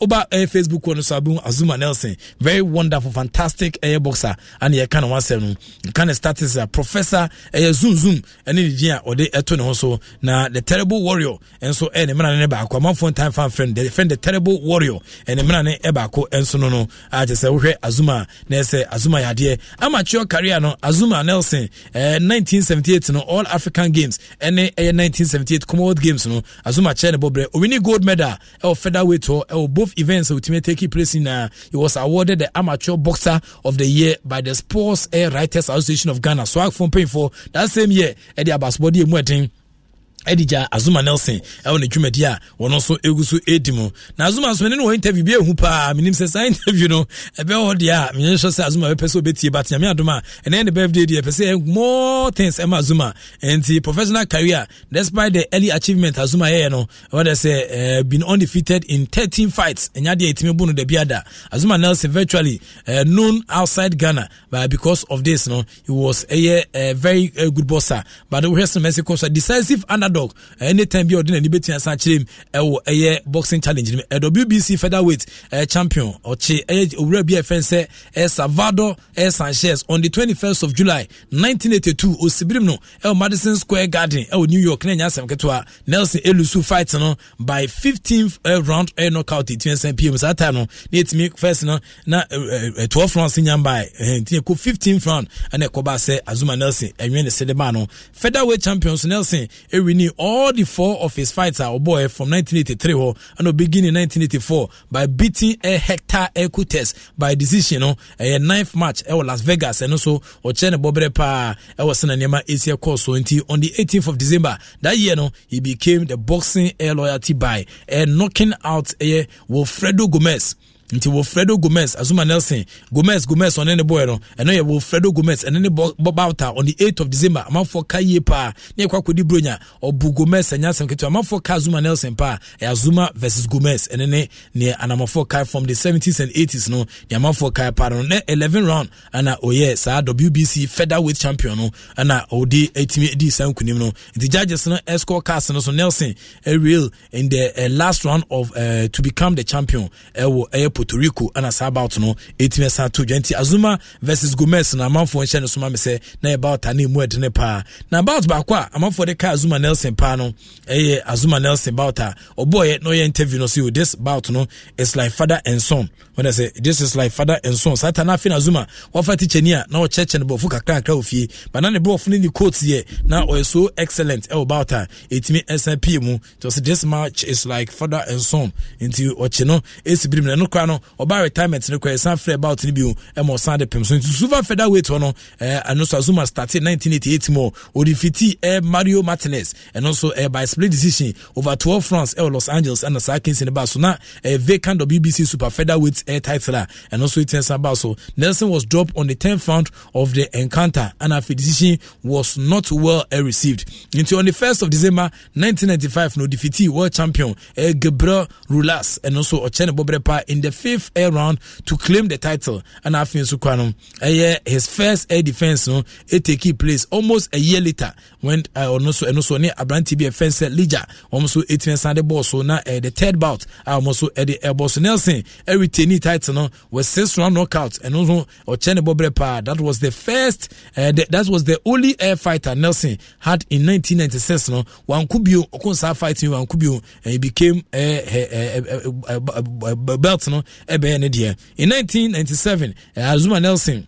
woba facebook wɔ no so abɛhu azuma nelson very wonderful fantastic ɛyɛ boxer And yɛka ne ho asɛm no nka status a professor ɛyɛ zoom zoom ɛne ne din a ɔde ɛto ne ho na the terrible warrior nso ɛne ɛne mmara ne baako amanfoɔ time fan frɛ no defend the terrible warrior ɛne mmara ne baako nso no no akyɛ sɛ wohwɛ azuma na ɛsɛ azuma yadeɛ amateur career no azuma nelson eh, 1978 no all african games ɛne ɛyɛ 1978 commonwealth games no azuma kyɛ ne bɔberɛ owini gold medal ɛwɔ featherweight hɔ ɛwɔ both events a wotumi take place nyinaa he was awarded the amateur boxer of the year by the sports air writers association of ghana swag so, for that same year ɛde abasobɔde emu ɛden ɛdigya azuma nelson ɛwɔ ne dwumadi a wɔn nso egu so edi mu na azuma nso ne no wɔ interview bi ehu paa Minim sɛ saa interview no ɛbɛwɔ hɔ deɛ a menyɛ nhyɛ sɛ azuma bɛpɛ sɛ obetie ba tenyame adum a ɛnɛ ne birthday deɛ ɛpɛ sɛ more things ɛma azuma nti professional career despite the early achievement azuma yɛyɛ no ɛwɔ dɛ sɛ ɛɛ been undefeated in thirteen fights ɛnya deɛ etimi bu no dɛbi ada azuma nelson virtually ɛɛ uh, eh, known outside ghana but because of this no he was ɛyɛ uh, eh, eh, very uh, good boxer but wɔhwɛ sinimɛsi kɔsɔ decisive under underdog anytime bi ɔde n'ani bɛtumi asa akyerɛ mu ɛwɔ ɛyɛ boxing challenge nim ɛ wbc featherweight ɛ champion ɔkye ɛyɛ owura bi a ɛfɛn sɛ ɛ salvador ɛ sanchez on the twenty first of july nineteen eighty two osibirim no ɛwɔ madison square garden ɛwɔ new york ne, ɛnya asɛm ketewa nelson elusu fight no by fifteenth ɛ round ɛ knockout etu ɛnsɛn pm saa time no na etumi first no na ɛ ɛ twelve rounds nyamba ɛ ɛ ntina ko fifteenth round ɛna ɛkɔba sɛ azuma nelson ɛnwɛn ne sɛdemaa no featherweight champions nelson ewi winning all the four of his fights are oboe from 1983 and ɛna obegin in 1984 by beating a hector ekutes by decision no ɛyɛ eh, ninth match ɛwɔ eh, las vegas ɛno eh, so ɔkyɛ ne bɔbɛrɛ paa ɛwɔ sena nneɛma esi ɛkɔɔ so nti on the 18th of december that year no he became the boxing air loyalty by ɛ knocking out a wilfredo gomez nti wofredo gomez azuma nelson gomez gomez ɔne ne bɔɛ no ɛno yɛ wofredo gomez ɛne ne bɔbauta on the 8 of december amanfoɔ ka yie paa ne yɛkɔ akɔdi bronya ɔbu gomez ɛnyɛ asɛm ketewa amanfoɔ ka azuma nelson paa ɛyɛ eh, azuma versus gomez ɛne ne neɛ anamafoɔ kae from the seventies and eighties no ne amanfoɔ kae paa no ne eleven round ɛna ɔyɛ oh saa wbc featherweight champion no ɛna ɔde atumi di saa nkonim no nti judges no escort cars no so nelson ɛreal eh, in the uh, last round of uh, to become the champion ɛwɔ ɛyɛ puerto rico ɛna saa bout no ɛtumi ɛsan to dwa nti azuma versus gomez na amanfoɔ nhyɛ no so ma sɛ na yɛ bout a ne mu ɛdene paa na bout baako a amanfoɔ de ka azuma nelson paa no ɛyɛ azuma nelson bout a ɔbɔɔyɛ na ɔyɛ interview no sɛ this bout no is like father and son wɔde sɛ this is like father and son saa ta na afei na azuma wafa teacher ni a na ɔkyɛkyɛ no bɔfo kakrakra wɔ fie ba na ne ne ne coat yɛ na ɔyɛ so excellent ɛwɔ bout a ɛtumi ɛsan pie mu nti this match is like father and son nti ɔkye no ɛsi birim na ɛno no ɔba retirement no kɔ ɛsan frɛ bout no bio ɛma ɔsan de pem so nti super featherweight hɔ no ɛno so azuma started 1988 mu ɔde ɛ mario martinez ɛno nso ɛ by split decision over 12 rounds ɛwɔ los angeles ɛna saa kinsi no baa so na ɛ vacant bbc super featherweight ɛ title a ah. ɛno nso ɛtɛn san baa so nelson was dropped on the 10th round of the encounter and afei decision was not well uh, received nti on the 1st of december 1995 no ɔde world champion ɛ gabriel rulas ɛno nso ɔkyɛ ne bɔbrɛ pa in the fifth air round to claim the title and afei nso kwan no his first air defense no um, it ɛtake place almost a year later when ɔno uh, also ɛno so near aberante bi ɛfɛn sɛ liga almost nso ɛtumi san de so now ɛyɛ uh, the third bout a wɔn at the air uh, boss nelson ɛretani title no um, was six round knockout and also Ochene ne that was the first uh, the, that was the only air fighter nelson had in 1996 no One could be nsa fighting wanko bio and he became uh, uh, uh, uh, uh, uh, uh, belt no um, ɛbɛyɛ ne deɛ in 1997 eh, azuma nelson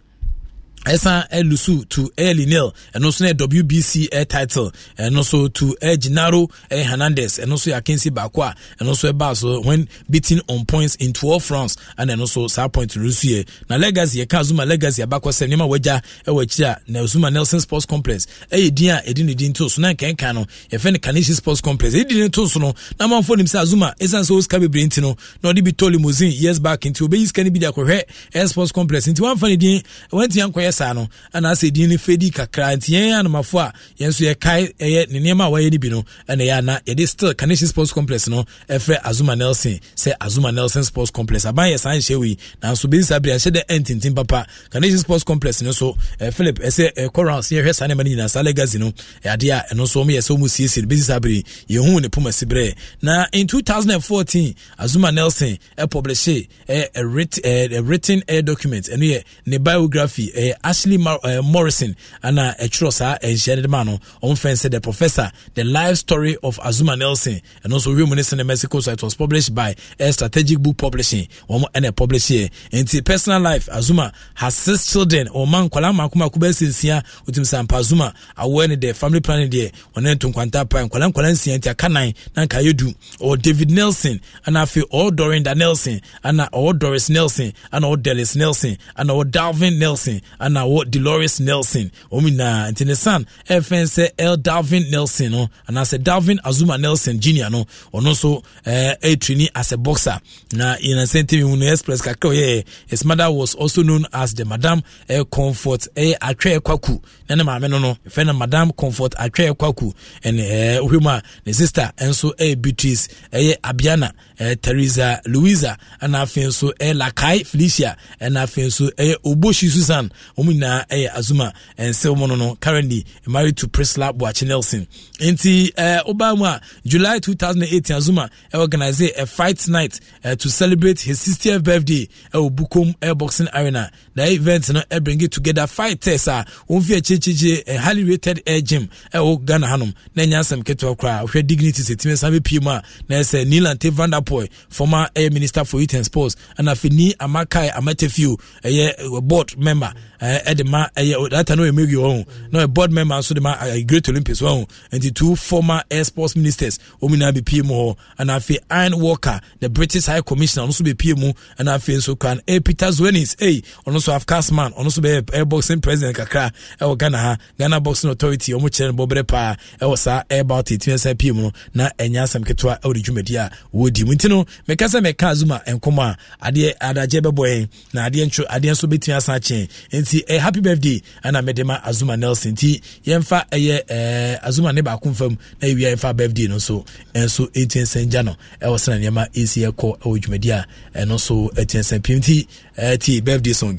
ɛsan ɛlusu to ɛyɛ linil ɛno nso yɛ wbc ɛyɛ title ɛno nso to ɛyɛ Gennaro, ɛyɛ hernandez ɛno nso yɛ akansi baako a ɛno nso ɛbaa so when beating on points in twelve rounds ɛna ɛno nso saa point no nso yɛ na legacy yɛka zuma legacy abakɔ sɛm nneɛma wɔgya ɛwɔ akyire a na zuma nelson sports complex ɛyɛ din a ɛdi ne din to so na nkɛnkɛn no yɛfɛ no kanishi sports complex ɛdi ne to so no na amanfoɔ nim sɛ azuma ɛsan sɛ osika bebree nti no na ɔde bi tɔ limousine years back nti obɛyi sika no bi de akɔhwɛ ɛyɛ sports complex nti wɔamfa ne din wɔntia nkɔyɛ wɔyɛ no ɛna asɛ din no fɛdi kakra nti yɛn anomafo a yɛn yɛkae ɛyɛ ne nneɛma a wɔayɛ no bi no ɛna yɛ ana yɛde still canation sports complex no ɛfrɛ azuma nelson sɛ azuma nelson sports complex aban yɛ saa nhyɛ wei nanso bɛsi bere anhyɛ dɛ ɛntintim papa canation sports complex no so philip ɛsɛ eh, corals ne yɛhwɛ saa nneɛma no nyinaa saa legacy no ɛadeɛ a ɛno nso wɔn yɛ sɛ wɔn siesie no bɛsi bere yɛhu ne poma si berɛ na in 2014 azuma nelson ɛpublishe eh, a, writ, a written document ɛno yɛ ne biography ɛyɛ Ashley Mar- uh, eh, Morrison ana ɛtwerɛ eh, saa ɛnhyia eh, de ma no ɔmfɛn sɛ the professor the life story of Azuma Nelson ɛno nso wiemu ne sene Mexico so it was published by uh, Strategic Book Publishing wɔn ɛna publish yɛ nti personal life Azuma has six children ɔma nkwalaa mako mako bɛyɛ sɛ nsia otum sɛ Azuma awɔ ne deɛ family planning deɛ ɔne nto nkwanta pa nkwalaa nkwalaa nsia nti aka nan na nka yɛ du ɔwɔ David Nelson ana afei ɔwɔ Dorinda Nelson ana ɔwɔ Doris Nelson ana ɔwɔ Delis Nelson ana ɔwɔ Dalvin Nelson ana ɛna wɔ Dolores Nelson wɔn nyinaa nti ne son ɛfɛn sɛ El Dalvin Nelson no anaasɛ Dalvin Azuma Nelson Jr. no ɔno nso ɛɛ ɛtrini as a boxer na in a sentiment mu no express kakra ɔyɛ his mother was also known as the Madam ɛɛ Comfort ɛyɛ Atwɛ Kwaku na ne maame no no fɛn na Madam Comfort Atwɛ Kwaku ɛne ɛɛ ohwɛ mu a ne sister nso ɛyɛ Beatrice ɛyɛ Abiana ɛɛ Teresa Louisa ɛna afei nso ɛyɛ Lakai Felicia ɛna afei nso ɛyɛ Oboshi Susan wɔn nyinaa ɛyɛ azuma ɛnsew eh, mu no no currently married to prisla boakye nelson nti ɛɛ eh, ɔbaa mu a july 2018 azuma eh, organize a fight night uh, to celebrate his 60th birthday ɛwɔ bukom air boxing arena na event no ɛbringi together fighters a ah, wɔn fi akyirikyirikyiri ɛ highly rated air gym ɛwɔ ghana hanom na nya asɛm ketewa koraa ɔhwɛ dignity sɛ tìmɛ san bɛ mu a na ɛsɛ nilanti vanderpool former air minister for youth and sports ɛna afei ni amakai amatefio ɛyɛ board member ɛɛ ɛde eh, eh, ma ɛyɛ eh, oh, that time no yɛ mary wɔn na ɔyɛ board member nso de ma great olympics wɔn oh, nti two former air sports ministers wɔn nyinaa bɛ pie mu hɔ ɛna afei iron worker, the british high commissioner ɔno nso bɛ pie mu ɛna afei nso kan a peter zwenis ɛy ɔno nso afcas man ɔno nso bɛ air boxing president kakra ɛwɔ oh, ghana ha ghana boxing authority wɔn kyerɛ no bɔbɛrɛ paa ɛwɔ saa air bout eighteen ɛsan pie mu no na ɛnya asɛm ketewa ɛwɔ de dwumadi a wɔredi mu nti no mɛka sɛ mɛka azuma nkɔmɔ a adeɛ adagye bɛbɔ yɛn na adeɛ nso adeɛ nso bɛtumi asan kyɛn nti eh, happy birthday ɛna mɛde ma azuma nelson nti yɛmfa ɛyɛ eh, azuma ne baako mfam na yɛwia yɛmfa birthday no nso ɛnso ɛtiɛnsɛn gya no ɛwɔ sena nneɛma ɛsi ɛkɔ ɛwɔ dwumadi a ɛno nso ɛtiɛnsɛn pim nti ɛti eh, birthday song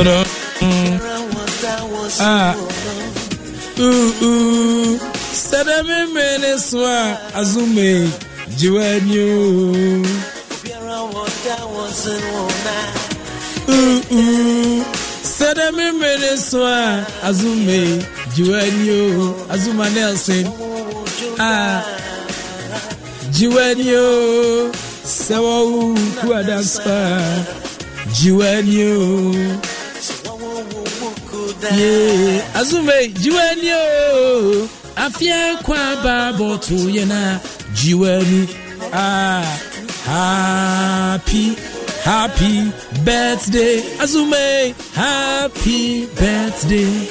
Ọ̀dọ̀. Sẹ́dẹ̀ mi mẹ́rin sùn à, àzùmè jìwá ni o. Sẹ́dẹ̀ mi mẹ́rin sùn à, àzùmè jìwá ni Azuma Nelson. ah ni o. Sẹ́wọ́ wù kú àdásípà. Jìwá Yeah. Azume jiweni o afia kwa babo tu yena jiweni ah, happy happy birthday Azume happy birthday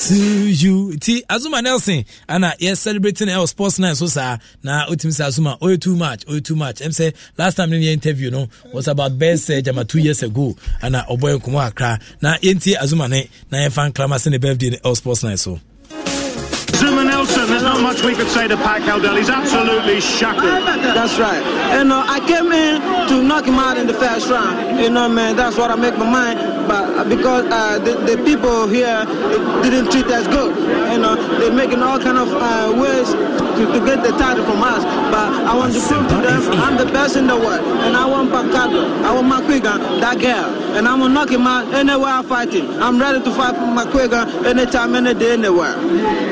to you ti azuma nelson ana yɛ celebrating ɛwɔ sports nine so saa na otimi sɛ azuma oyɛ too much oyɛ too much ɛm sɛ last time ne yɛ interview no was about best uh, jama two years ago ana ɔbɔ yɛ nkɔmɔ akra na yɛntie azuma ne na yɛmfa nkrama sɛ ne birthday ɛwɔ sports nine so Zuma Nelson, there's not much we could say to Pat Caldell. He's absolutely shackled. That's right. You know, I came in to knock him out in the first round. You know, man, that's what I make my mind but uh, because uh, the, the, people here didn't treat us good. You know, they're making all kind of uh, ways to, to, get the title from us. But I want to prove to them I'm the best in the world, and I want Pacato, I want Macquigan, that girl, and I'm gonna knock him out anywhere I'm fighting. I'm ready to fight Macquigan anytime, any day, anywhere.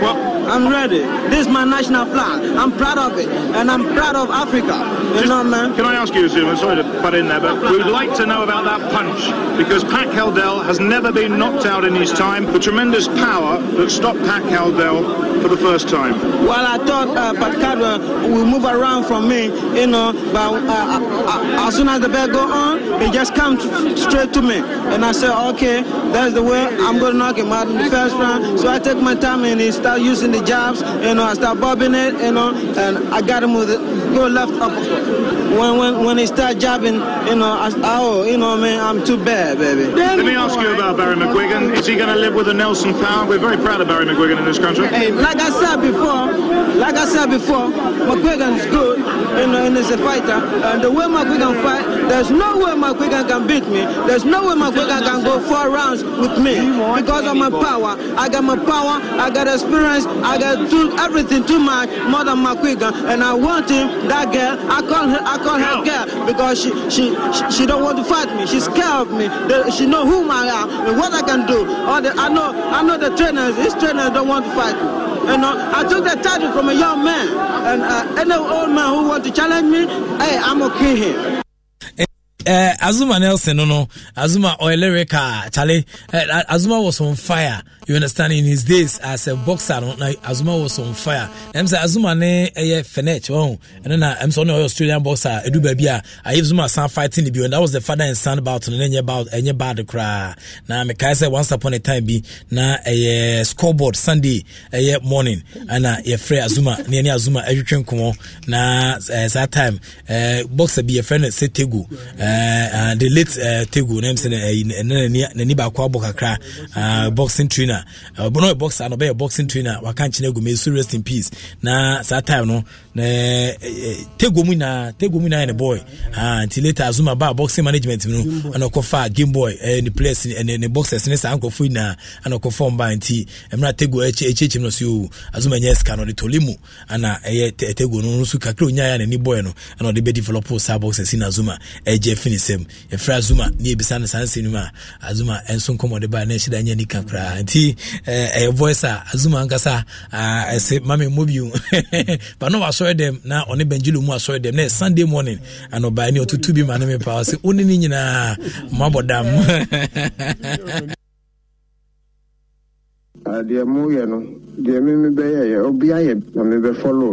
Well, I'm ready. This is my national flag. I'm proud of it, and I'm proud of Africa. You Just, know, man. Can I ask you, Zuma? Sorry to butt in there, but we'd like to know about that punch because Pat Heldell has never been knocked out in his time. The tremendous power that stopped Pat Heldell for the first time. Well, I thought uh, Pat Caldwell move around from me, you know, but uh, uh, uh as soon as the bell go on, it just comes straight to me. And I said, okay, that's the way I'm going to knock him out in the first round. So I take my time and he start using the jabs, you know, I start bobbing it, you know, and I got him with it. Go left uppercut when when when they start jabbing, you know, I, oh, you know, man, I'm too bad, baby. Let me ask you about Barry McGuigan. Is he going to live with a Nelson pound? We're very proud of Barry McGuigan in this country. Hey, like I said before, like I said before, McGuigan's good, you know, and he's a fighter. And the way McGuigan fight, there's no way McGuigan can beat me. There's no way McGuigan can go four rounds with me because of my power. I got my power, I got experience, I got too, everything too much more than McGuigan, and I want him. That girl, I call her. I I call her girl because she she she, she don't want to fight me. She's scared of me. she know who I am and what I can do. All the, I know I know the trainers. These trainers don't want to fight me. And uh, I took the title from a young man, and uh, any old man who want to challenge me, hey, I'm okay here uh, Azuma Nelson, no, no, Azuma Oilerica, Charlie, uh, Azuma was on fire. You understand? In his days as a boxer, no, Azuma was on fire. I'm saying Azuma ne eh, a fenet, oh, and then I'm saying oh, no Australian boxer, Edu Babia. Ah, I hear Azuma son fighting the and that was the father and son about and then about any bad cry. Now, Mekaisa once upon a time be na a scoreboard Sunday a morning, and a ah, free Azuma, near Azuma, every na uh, that time, boxer be a friend, say Tegu. Uh, Eh, eh, the late uh, Tegu na msɛ na n'ani baako abɔ kakra uh, boxing trainer uh, bɔn ɔyɛ boxer na ɔbɛyɛ boxing trainer waka nkyɛn egu mɛ so rest in peace na saa time no na Tegu mu nyinaa Tegu mu nyinaa yɛ ne boy uh, nti later Azuma ba boxing management no ɛna ɔkɔ fa game boy ɛɛ uh, ne players ɛne ne boxers ne saa nkɔfo nyinaa ɛna ɔkɔ fɔm ba nti ɛmira Tegu ɛkyɛ ɛkyɛ kyɛm na so yɛ Azuma nyɛ sika no ɔde tole mu ɛna ɛyɛ Tegu no nso kakra onyaa yɛ n'ani boy no ɛna ɔde bɛ develop saa boxers na Azuma ɛgyɛ fi afi ne nsam yɛfrɛ azuma ne yɛbisa no saa nsɛm a azuma ɛnso nkɔmmɔde baa na ɛhyɛda nyɛ nika koraa nti ɛyɛ voice a azuma ankasa ɛsɛ mame mmɔ bio ba na wasɔre dɛm na ɔne bɛngyelo mu asɔre dɛm na ɛ sunday morning anɔbae ne ɔtutu bi ma ne me paa sɛ wone ne nyinaa mabɔ dam emu moyɛ no deɛ meme bɛyɛyɛ obi yɛ na mebɛfɔlo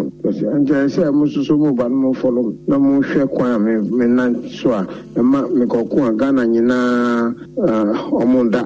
nkyɛ sɛ mo soso moba no mofɔlo m na mohwɛ kwan a mena so a ɛma mekɔko a ghana nyinaa ɔmo da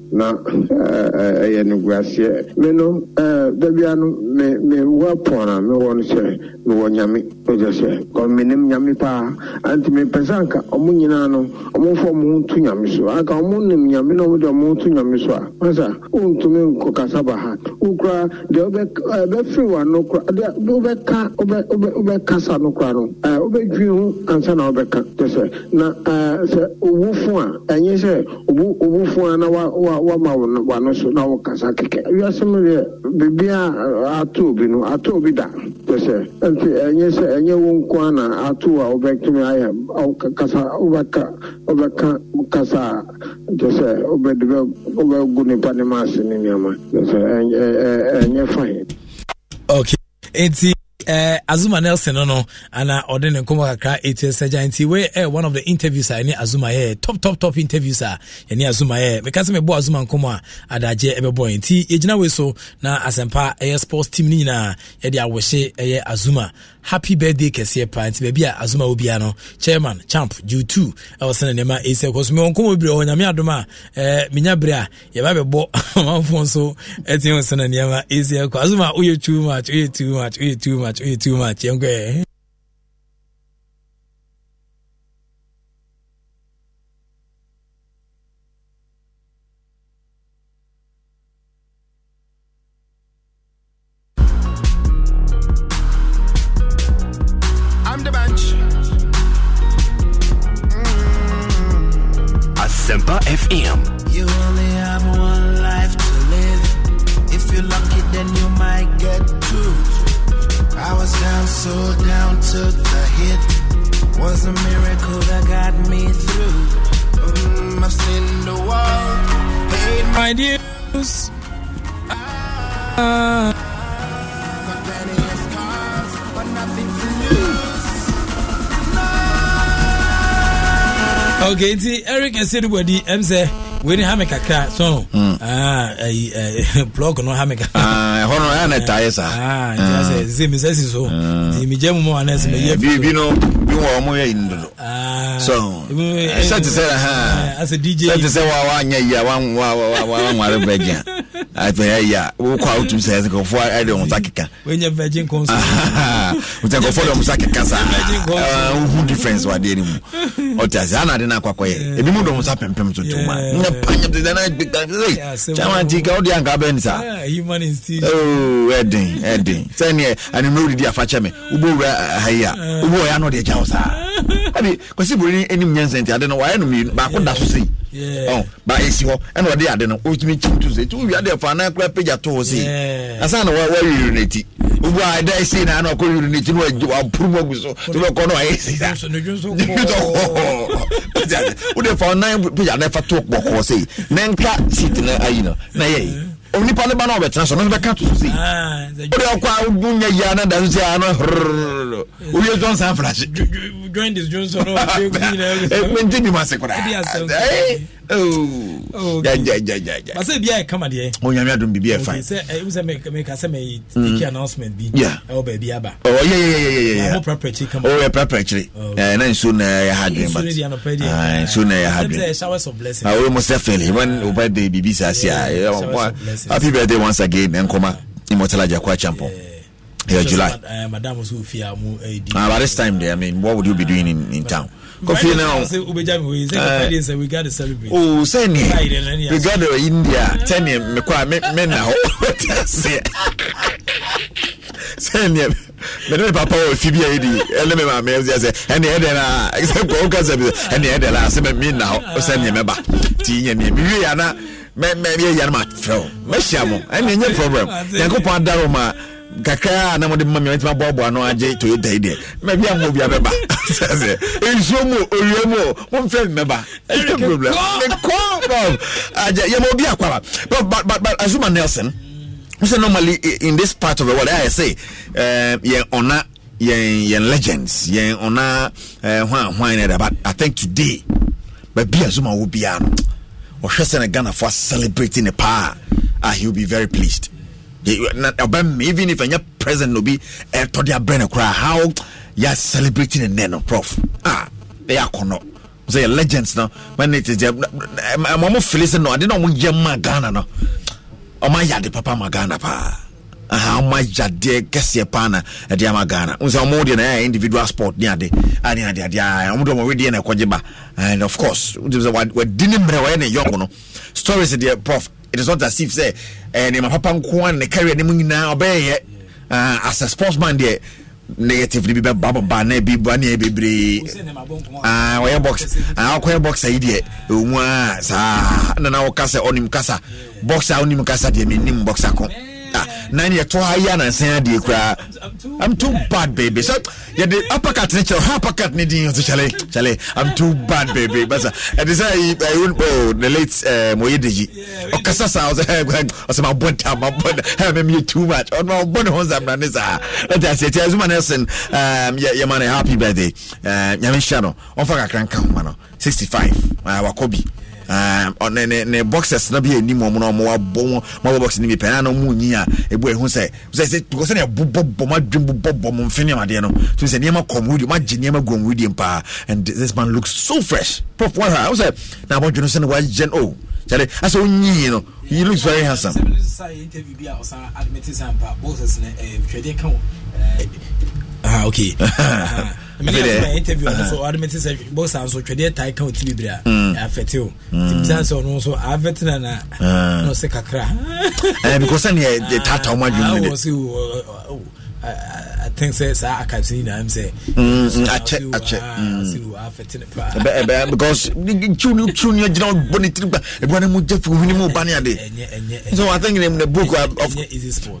na ɛyɛ eh, eh, eh, niguaseɛ me no dabia no pɔn a mewɔ no sɛ mewɔ nyame sɛ nyame paa anti mepɛ sɛ anka ɔmo nyinaa no ho to nyame so anka ɔmo nim nyame na ɔmode ɔmo ho to nyame so a masa wontumi ba ha wokora deɛ wobɛfiri wobɛka wobɛkasa no kora no wobɛdwi ho ansa na wobɛka kyɛ sɛ na sɛ owufo a ɛnyɛ sɛ a na wama wano so na wokasa kɛkɛ wiase mu deɛ biribia ato obi no ato obi da pɛ sɛ nti ɛnyɛ sɛ ɛnyɛ wo nko a na ato a wobɛtumi ayɛ kasa wobɛka wobɛka kasa a nti sɛ wobɛde wobɛgu nipa ne ma ase ne nneɛma sɛ ɛnyɛ fae okay nti Uh, Azuma Nelson no no ana ɔde ordered nkɔmɔ come back. sɛ gya giant. wei eh, one of the interviews I ah, need Azuma yɛ eh, top top top interviews a ah, ɛne Azuma yɛ eh. meka sɛ mebɔ Azuma and nkɔmɔ a adagye ɛbɛbɔ yɛ nti yɛgyina wei so now na asɛmpa ɛyɛ sports team no nyinaa I wish. ɛyɛ Azuma happy birthday kɛseɛ Pants, baby. Azuma ubiano, chairman champ G2 I was ne nneɛma ɛsɛ kɔ so mewɔ nkɔmɔ bebree ɔwɔ nyame adom a eh, menya berɛ a yɛba bɛbɔ amanfoɔ nso ɛteɛ wɔ sɛ ne nneɛma ɛsɛ kɔ Azuma woyɛ too much woyɛ too much woyɛ too much 做一做嘛，见鬼！okay nti eric esedubadi ɛm sɛ wei ha me kakra so blog no ha me kakra no ɛna taeɛ saa sɛ mesɛ si so nti megya mu ma ane sɛ mɛyɛbiribi no bi wɔ ɔmo yɛ ndodo sɛ te sɛ sɛ te sɛ woanyɛ yi a wanware bɛgyea afei ɛyɛ a wokɔ a wotumi sɛ nkɔfoɔ ɛde wo nsa keka wotɛ nkɔfoɔ de wo nsa keka saa wohu difference wadeɛ no mu ɔte ase ana ade no akɔakɔyɛ ebi mu de wo nsa pempem so to ma nyɛ pa nyɛ tete na gbeka kyama nti ka wode anka bɛn saa ɛden ɛden sɛneɛ anwummerɛ wodidi afakyɛ me wobɛwura eh, hai a wobɛ ɔyɛ ano deɛ gya wo saa abi kwasi bori anim nyansa nti ade no wayɛ no mmienu baako da so sei ba ɛsi hɔ ɛna ɔde ade no ɔtumi kyim to sɛ ɛti wowiade de fa na kura pagya to hɔ sei asan na wayiri ne ti obu a ɛda ɛsi na ana ɔkɔ yiri ne ti na wapuru mu agu so to bɛ kɔ na wayɛ si sa wo de fa nan pagya na ɛfa to kpɔkɔ sei na nka seat na ayi no na yɛ yi onipa ne ba na ɔbɛtena so no bɛka to so sei wode ah, ɔkɔ a wonya yia na da so sɛ ano hrrrrr wowie johnson afrahye menti bi ma se koraa basa ebi ayɛ kama deɛ onyame adom biribi yɛ fine sɛ ebi sɛ meka sɛ mɛ take announcement bi ɛwɔ baabi aba ɔwɔ yɛ yɛ yɛ yɛ yɛ ɔwɔ praprakyiri kama ɔwɔ yɛ praprakyiri ɛɛ na nsuo na ɛyɛ ha dwen but ah, nsuo na ɛyɛ ha dwen ɛsɛ showers of blessing awo ah, mo sɛ fɛli wɔn o champion. Yeah. July. Uh, this time, there, I mean, what would you be doing in town? kofi na o sani regard of india sani mekɔ a me papa wɔ eh, eh, eh, na problem ah, kakra a na mode mma mɛtumi aboaboa no agye toyota yi deɛ mabi a mobia bɛba sɛsɛ nsuo mu owia mu momfɛ me mɛba yɛma obi akwara but, but, but, but asuma nelson sɛ normally in this part of the world I say uh, eh, yɛ ɔna yɛn yɛn legends yɛn ɔna uh, eh, hwan hwan ne da but I think today baabi asuma wo biara no ɔhwɛ sɛ ne ghanafoɔ celebrating ne paa ah, he will be very pleased ɔbɛma even if ɛnyɛ present no bi ɛtɔ eh, de abrɛ no koraa how yɛ celebrating nnɛ no prof ah ɛyɛ akɔnɔ sɛ yɛ legends no when it is ɛma mo fili sɛ no ade na ɔmo yɛ ma ghana no ɔmo ayɛ ade papa ma ghana paa aha ɔmo ayɛ adeɛ kɛseɛ paa na ɛde eh, ama ghana nsɛ ɔmo deɛ na ɛyɛ eh, individual sport ne ah, ade ade ade ade aa ɔmo deɛ ɔmo wedeɛ na ɛkɔgye ba and of course wadi ne mmerɛ wɔyɛ ne yɔngo no stories deɛ prof it is not as if say, ɛɛ eh, nneɛma papa nko ara ne carrier ne mu nyinaa ɔbɛyɛ yɛ ah, as a sportsman deɛ negative ni bi bɛ ba bɔ ba na bi ba ne bebree ah, ɔyɛ box aa ah, ɔkɔyɛ box yi deɛ ewu mu aa saa nana ɔkasa ɔnim kasa box a ɔnim kasa deɛ mi nim box ko. Eh. Ah, na yɛ ha yi anansan adeɛ koraa i'm too bad baby so yɛde apakat ne kyerɛ ha apakat ne din so kyale kyale i'm too bad baby basa ɛde sɛ ayi ayi oh the late ɛɛ mo ye deji ɔkasa saa ɔsɛ ɛɛ ɔsɛ ma bɔ da ma bɔ da ɛɛ mɛ mi yɛ too much ɔno ma bɔ ne ho nsɛm na ne saa ɛte ase ɛte azuma nelson ɛɛ um, yɛ yɛ ma ne happy birthday ɛɛ eh, nyame hyia no ɔnfa kakra nka ho ma no sixty five ɛɛ ah, wakɔ bi. ɔne ah, ne ne boxers na bi anim ɔmo na ɔmo abɔ wɔn mo abɔ box ne bi pɛn na ɔmo nyi a ebu ehu sɛ sɛ sɛ because ne bobɔ bɔ mo adwin bobɔ bɔ mo nfin ne adeɛ no so sɛ nneɛma kɔm wudi mo agye nneɛma gɔm wudi paa and this man looks so fresh pop one ha ɔsɛ na abɔ dwene oh, sɛ ne wa yɛn o kyɛrɛ asɛ onyi no he looks very handsome. sɛ ɛbi sɛ interview bi a ɔsan admitting sɛ ampa boxers ne ɛɛ eh, twɛdeɛ ka wɔn ah okay ah, mɛnɛ interview uh-huh. so ɔde mete sɛ bosa nso twɛdeɛ tae ka ɔti bebree a ɛafɛte o nti mm. bisa sɛ ɔno nso afɛte ah, na na uh. na kakra eh, because sɛneɛ tata woma adwene de I, I think say saa archives ni na m say. akyɛ akyɛ. because tiw ni tiw ni gyina bɔ ne tiri gba ebi wani mu jɛ fi ohun ni so I think in the book uh, of,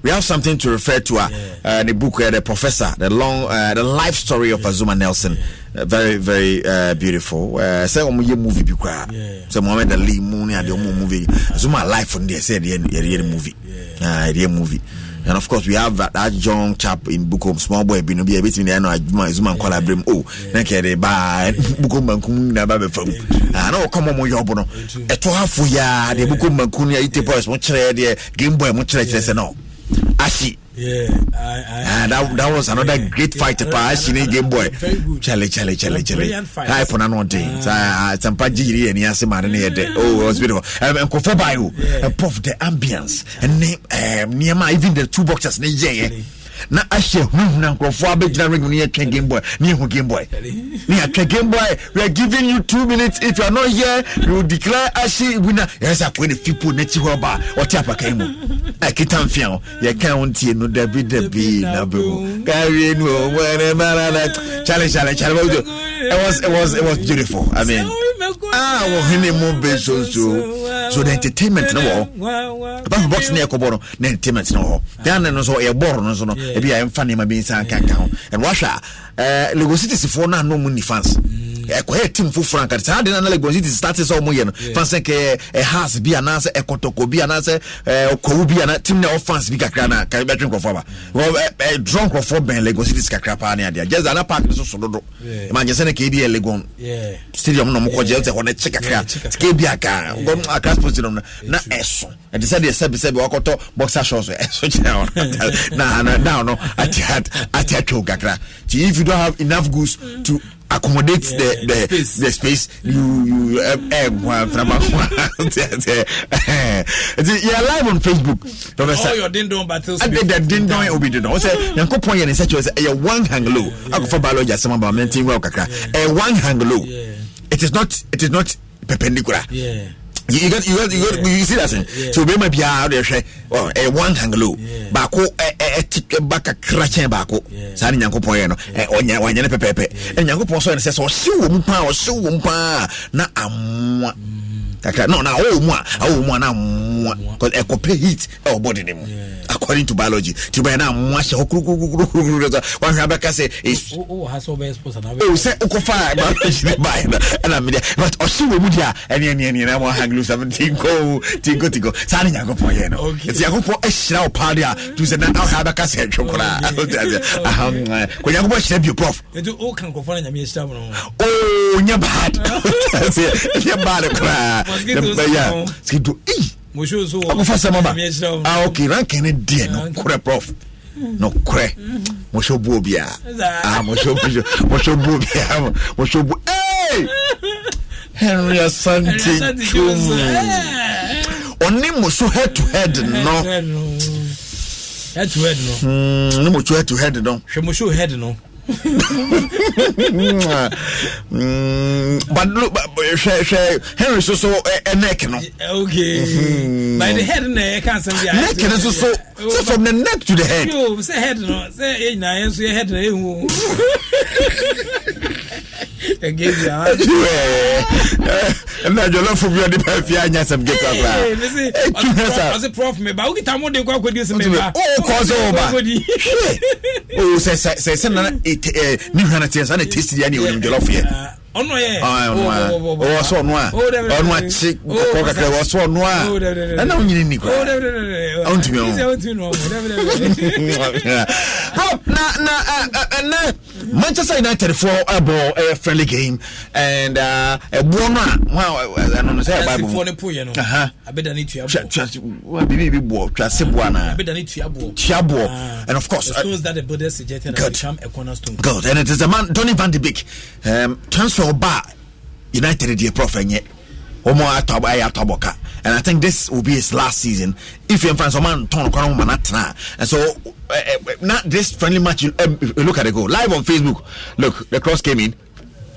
we have something to refer to uh, uh, the book uh, the professor the long uh, the life story of Azuma Nelson. Uh, very very uh, beautiful sɛ wɔn yɛ movie bi koraa sɛ Muhammad Ali mu ni movie Azuma life on there say the yɛ movie uh, the movie. and of course we have that, that young chap in Bukom small boy bi no bi ebi timi na ɛna adwuma ezuma nkɔla abirem o na kɛ de baa Bukom bankum na ba bɛ fam ana ɔkɔ mo mo yɛ ɔbo no ɛtɔ afo yaa deɛ Bukom bankum ni ayi te boys mo kyerɛ game boy mo kyerɛ kyerɛ sɛ no ahyi. Yeah, I, I, ah, that, that was another yeah, great fight. Yeah, Pass in a game boy. Chale, chale, chale, chale. I put on one thing. Ah. So, ah, Sampa Jiri and Yasima and Yede. Oh, it was beautiful. Um, and Kofobayo, yeah. puff the ambience and name, um, Niyama, even the two boxers. Yeah. na ahyɛ hunhuna hmm, nkurɔfoɔ abɛgyina ring no yɛtwɛn game boy ne yɛhu game boy ne yɛtwɛn game boy we are giving you two minutes if you are not here we will declare ahye winner yɛrɛ sɛ akɔyɛ ne fipo n'akyi hɔ ba ɔte apakan mu akita mfia o yɛka ho ntie no dabi dabi na bɛmu kawie nu o wɔyɛ mara na kyale kyale kyale it was it was it was beautiful i mean ah wɔhene mu bɛ nsonso so the entertainment no wɔ hɔ box from boxing na ɛkɔbɔ no na entertainment no wɔ hɔ then no nso ɛyɛ bɔɔl no nso no ebi a yɛmfa nneɛma bi nsa nkanka ho and wahwɛ a ɛɛ eh, lagos city sifoɔ no anɔ mu ni fans. Mm ɛkɔyɛ team foforɔ anka saa de no na legon city start sɛ ɔmo no fa sɛ kɛ ɛhas bi anaasɛ ɛkɔtɔkɔ bi anaasɛ ɔkɔwu bi ana team na ɛwɔ bi kakra na ka bɛtwe nkurɔfoɔ aba drɔ nkurɔfoɔ bɛn legon city kakra paa ne adeɛ gyesɛ ana park no so so dodo magye sɛ ne kɛdi yɛ legon stadium no mokɔgye sɛ hɔ no kye kakra tikɛ aka akra sports no na ɛso ɛte sɛ deɛ sɛbisɛbi wakɔtɔ boxer shorts ɛso kyerɛ no ate kakra nti if you don't have enough goods to accommodate yeah, the the, the space, the space you you yeah eh, eh, live on Facebook professor all your ding dong battles I did that ding dong will be ding dong say yankopon yen say say eh, a one hang low I go for biology asem about mentin well Kaka. a one hang low it is not it is not perpendicular yeah you got you got you got you see that thing so bẹẹ ma bi out there hwẹ ọ ẹ one hanglo bako, ẹ eh, ẹ eh, eh, ti ba kakra kyẹn baako saa ni nyankopɔn yɛ no ẹ ɔnyɛ ɔnyɛ ne pɛpɛɛpɛ ẹ nyankopɔn sɔ yɛ no Says, oh, ɔhyew wɔm oh, ɔhyew wɔm paa na amoa. Mm kakra no na awo mu a awo mu a na mua ɛkɔpɛ heat ɛwɔ body ne mu according to biology ti bɛyɛ na mua hyɛ hɔ kurukurukurukuru dɛ sɛ wahwɛ abɛka sɛ esu o sɛ okɔfa biology ne baayɛ na ɛna mi dɛ but ɔhyɛ wɔ mu di a ɛni ɛni ɛni ɛna mu aha glu sɛm tinko tinko tinko saa ne nyankopɔn yɛ no eti nyankopɔn ɛhyira wɔ paa de a tu sɛ na ahwɛ abɛka sɛ ɛtwe koraa ko nyankopɔn hyira bio prof. etu o kan kɔfɔ na nyame yɛ hyira mu nye bad nye bad koraa mosquito ɔkɔfa sɛm aba ok ranke ne deɛ nokorɛ prof nokorɛ mohyɛ buo biaamohyɛ buo biaa bu ah, henry asante twom ɔne eh, eh. mo head to head no hmm, ne mo head to head no hwɛ mo head no Mm, but look, hwɛ hwɛ henry soso eh, eh, neck no. okay mm-hmm. the head na yɛ kan neck no So so from the neck to the head. yoo sɛ head no sɛ yɛ nyinaa so yɛ head na eh, ɛna jɔlɔfo bi ɔde baa fie anya sɛm geta koraawokɔ sɛ woba sɛ sɛ nana ne hwana teɛ saa na testidia ne ɛwonim jɔlɔfoyɛ ɔno yɛ ɔwɔ sɛ ɔno a ɔno akye kɔkɔ kakra wɔ sɛ ɔno a ɛna wonyini ni kora wontumi ho na ɛnɛ manchester united fo ɛbɔ eh, eh, friendly game and ɛboɔ eh, no a ɛno no sɛ ɛba mu biribi bi boɔ twase boɔ anaa tua boɔ ah. and of course uh, good good and it is a man donny van de beek um, transfer ba united deɛ prof ɛnyɛ wɔn atɔ ayɛ atɔ abɔka and I think this will be his last season. If you find someone turn around Manhattan, and so uh, not this friendly match, uh, look at the goal live on Facebook. Look, the cross came in,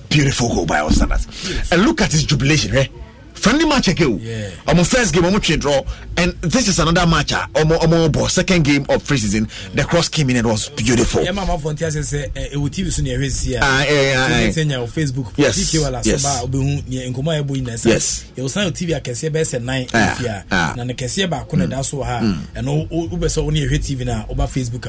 beautiful goal by our standards, and look at his jubilation. Eh? friendly match eke o ọmọ first game ọmọ twe draw and this is another match a ah. second game of free season the cross came in and was beautiful. ẹ máa ma fọ ntí a tv sun ni ẹ hẹ si a facebook yes yes, yes. sọba obìnrin ni nkọmọ ẹ tv a na ne kẹsẹ baako na da so ha bẹ sọ tv na facebook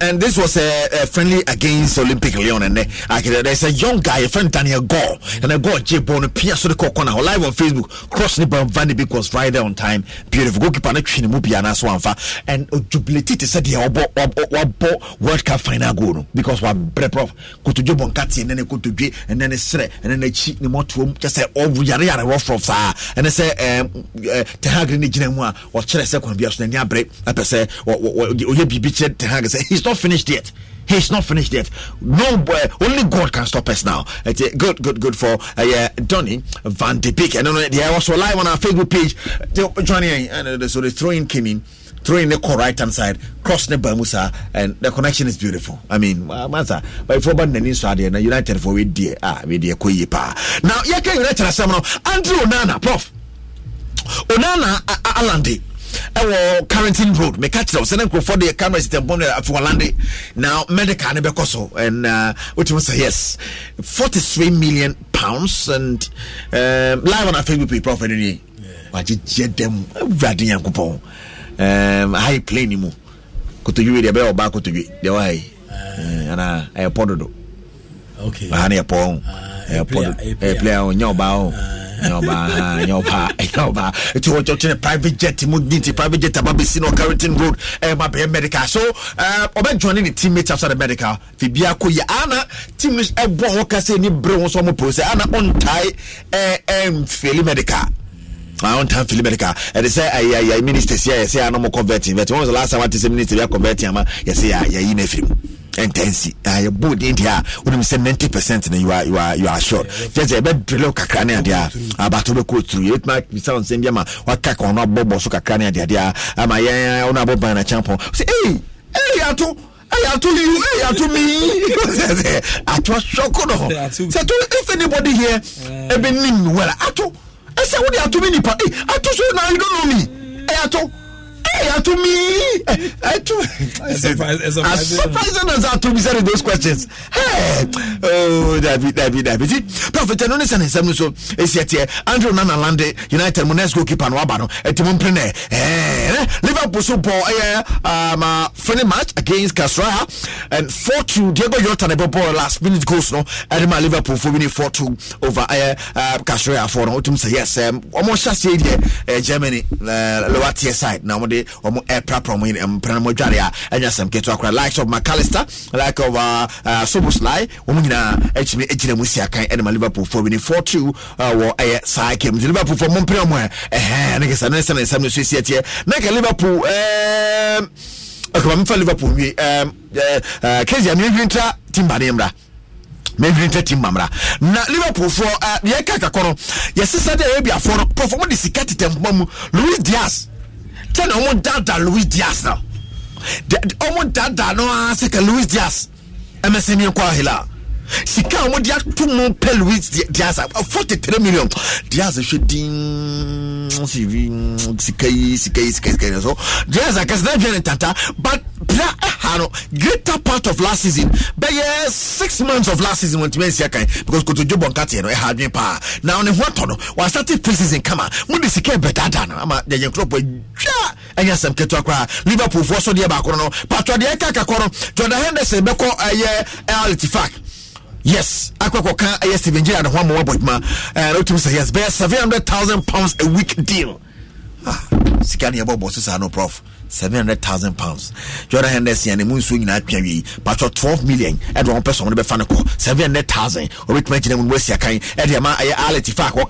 and this was a, a friendly against olympic leon And eh, there is a young guy a friend daniel gore ẹnna mm. gore jẹ bọọlu pia so de Ghana or live on Facebook. Cross Nipa Van Beek was right there on time. Beautiful goalkeeper na twene mu bia na so amfa. And uh, jubilate said he obo obo World Cup final goal no because wa bre prof. Kotodwe bonkati ne ne kotodwe and then sre and then chi ne moto um just say o oh, yare yare rough rough saa. And say um uh, Tehagri ne gina mu a o kyerɛ sɛ kwan bia so ne abre. Apɛ sɛ o ye bibi kyerɛ Tehagri sɛ he's not finished yet. He's not finished yet. No, only God can stop us now. It's uh, good, good, good for uh, yeah, Donny Van de Beek. And then they are also live on our Facebook page. Johnny, uh, uh so they throw in came in throwing the right hand side, cross the Bamusa, and the connection is beautiful. I mean, uh, Mansa, but if we're born in Sadia, and United for we dear, ah, we dear Koyi Pa. Now, Yaka United Samuel, Andrew Onana, Prof. Onana uh, Alandi ɛwɔ Carrington road meka kyerɛ sɛ ne nkurɔfoɔ de yɛ camera system bɔm afewalande na medical ne bɛkɔ so and uh, wotumi sɛ yes 43 million pounds and um, live on our facebook page prɔfɛ no nie wagyegyeɛ dɛm awurade nyankopɔn um, ahayɛ plane mu kotodwe deɛ bɛyɛ ɔbaa kotodwe deɛ wayɛ eh, ana ɛyɛ pɔ dodo aha ne yɛ pɔ ɛyɛ player ho ah, nyɛ ɔbaa ah ɛti wɔkyɛkyɛne private jet mu nti private jet aba bɛsi no ɔcarrington road ɛma eh, bɛyɛ medical so ɔbɛjoane eh, ne teammate after the medical fibia ana team no ɛbɔ hɔ ka ni eh, bere wo so ɔmo pro sɛ ana ɔntae ɛmfeli medical I ah, don't time Philip And they say, I, I, I, minister, say, I say, I'm not converting. But once the last time I was a minister, we converting. Yes, yeah, yeah, you know, ntansi ayɛ bold in deɛ a wonim sɛ 90 percent no you are, you are, you are sure just sɛ eh, ɛbɛdrele kakra ne adeɛ a abato bɛkɔ turu yɛbɛtumi abisa nsɛm bi ama waka ka ɔno abɔbɔ so kakra ah, ne adeadeɛ a ama yɛn ɔno abɔ ban na kyampɔn sɛ ei ei ato hey, ato you, hey, ato me. ato shock oh, no. Say if anybody here, uh, ebe eh, nim well. Ato. I eh, say what ato me nipa. Hey, ato so now you don't know me. Hey, Hey, Atumi! Atumi! As surprising, as surprising as Atumi said those questions. Hey! Oh, David, David, David. Prophet, I don't understand his sermon, so it's yet here. Andrew Nana Lande, United Munes goalkeeper, and Wabano, a eh, Timon Prene. Eh, Liverpool so poor, eh, um, uh, friendly match against Kasra, and 4 2, Diego Yota, and Bobo, last minute goals, no, and my Liverpool for winning 4 2 over eh, uh, Kasra, for no, to say yes, um, almost just here, eh, Germany, uh, tier side, now, de wɔn ɛprapra wɔn mpɛrɛn wɔn adware a ɛnyɛ asɛm ketewa kora like of macalister like of uh, uh, soboslai wɔn nyinaa akyimi agyina mu si akan ɛnama liverpool four winning four two uh, wɔ ɛyɛ saa kɛm liverpool four mo mpɛrɛn wɔn ɛhɛn ne kesa ne nsa ne nsɛm ne so esi ɛteɛ na ka liverpool ɛɛɛm ɔkaba mfa liverpool wie ɛɛm ɛɛ ɛɛ mi ami ehwin tra timba ne mra mɛhwinta tim mamra na liverpoolfoɔ uh, yɛka kakɔ no yɛsesa dɛ arabiafoɔ no pɔfɔ mode sika tetɛmpoma mu louis dias kyɛ na ɔmo dada louis Diaz? na ɔmo dada no ase ah, ka louis dias ɛmɛsɛ mi nkɔ ahela sika a wɔde ato mu pɛ louis diasa forty three million diasa hwɛ din sivi sika yi sika yi sika yi sika yi so diasa kasina hwɛ ne tata but pira ɛha no greater part of last season bɛyɛ six months of last season wɔn ti mɛ nsia kan because kotojo bɔ nka teɛ no ɛha adwene paa na ne ho atɔ no wasate pre season kama mo de sika bɛ daadaa no ama yɛyɛ nkorɔpɔ adwa ɛnyɛ asɛm ketewa koraa liverpool foɔ so deɛ baako no patɔ deɛ ɛka kakɔ no jordan henderson bɛkɔ ɛyɛ ɛyɛ artifact yes akɔkɔka ɛyɛ steven gyina ne ho ama wabɔ dwuma ɛna eh, wotumi sɛ yes bɛyɛ seven hundred thousand pounds a week deal ah sika ne yɛbɔbɔ so saa no prof seven hundred thousand pounds jordan henderson ne mu nsuo nyinaa atwa wie patro twelve million ɛde wɔn pɛ sɔn wɔn bɛfa ne kɔ seven hundred thousand obetuma gyina mu no wɔasi akan ɛde ama ɛyɛ alɛti fa akɔka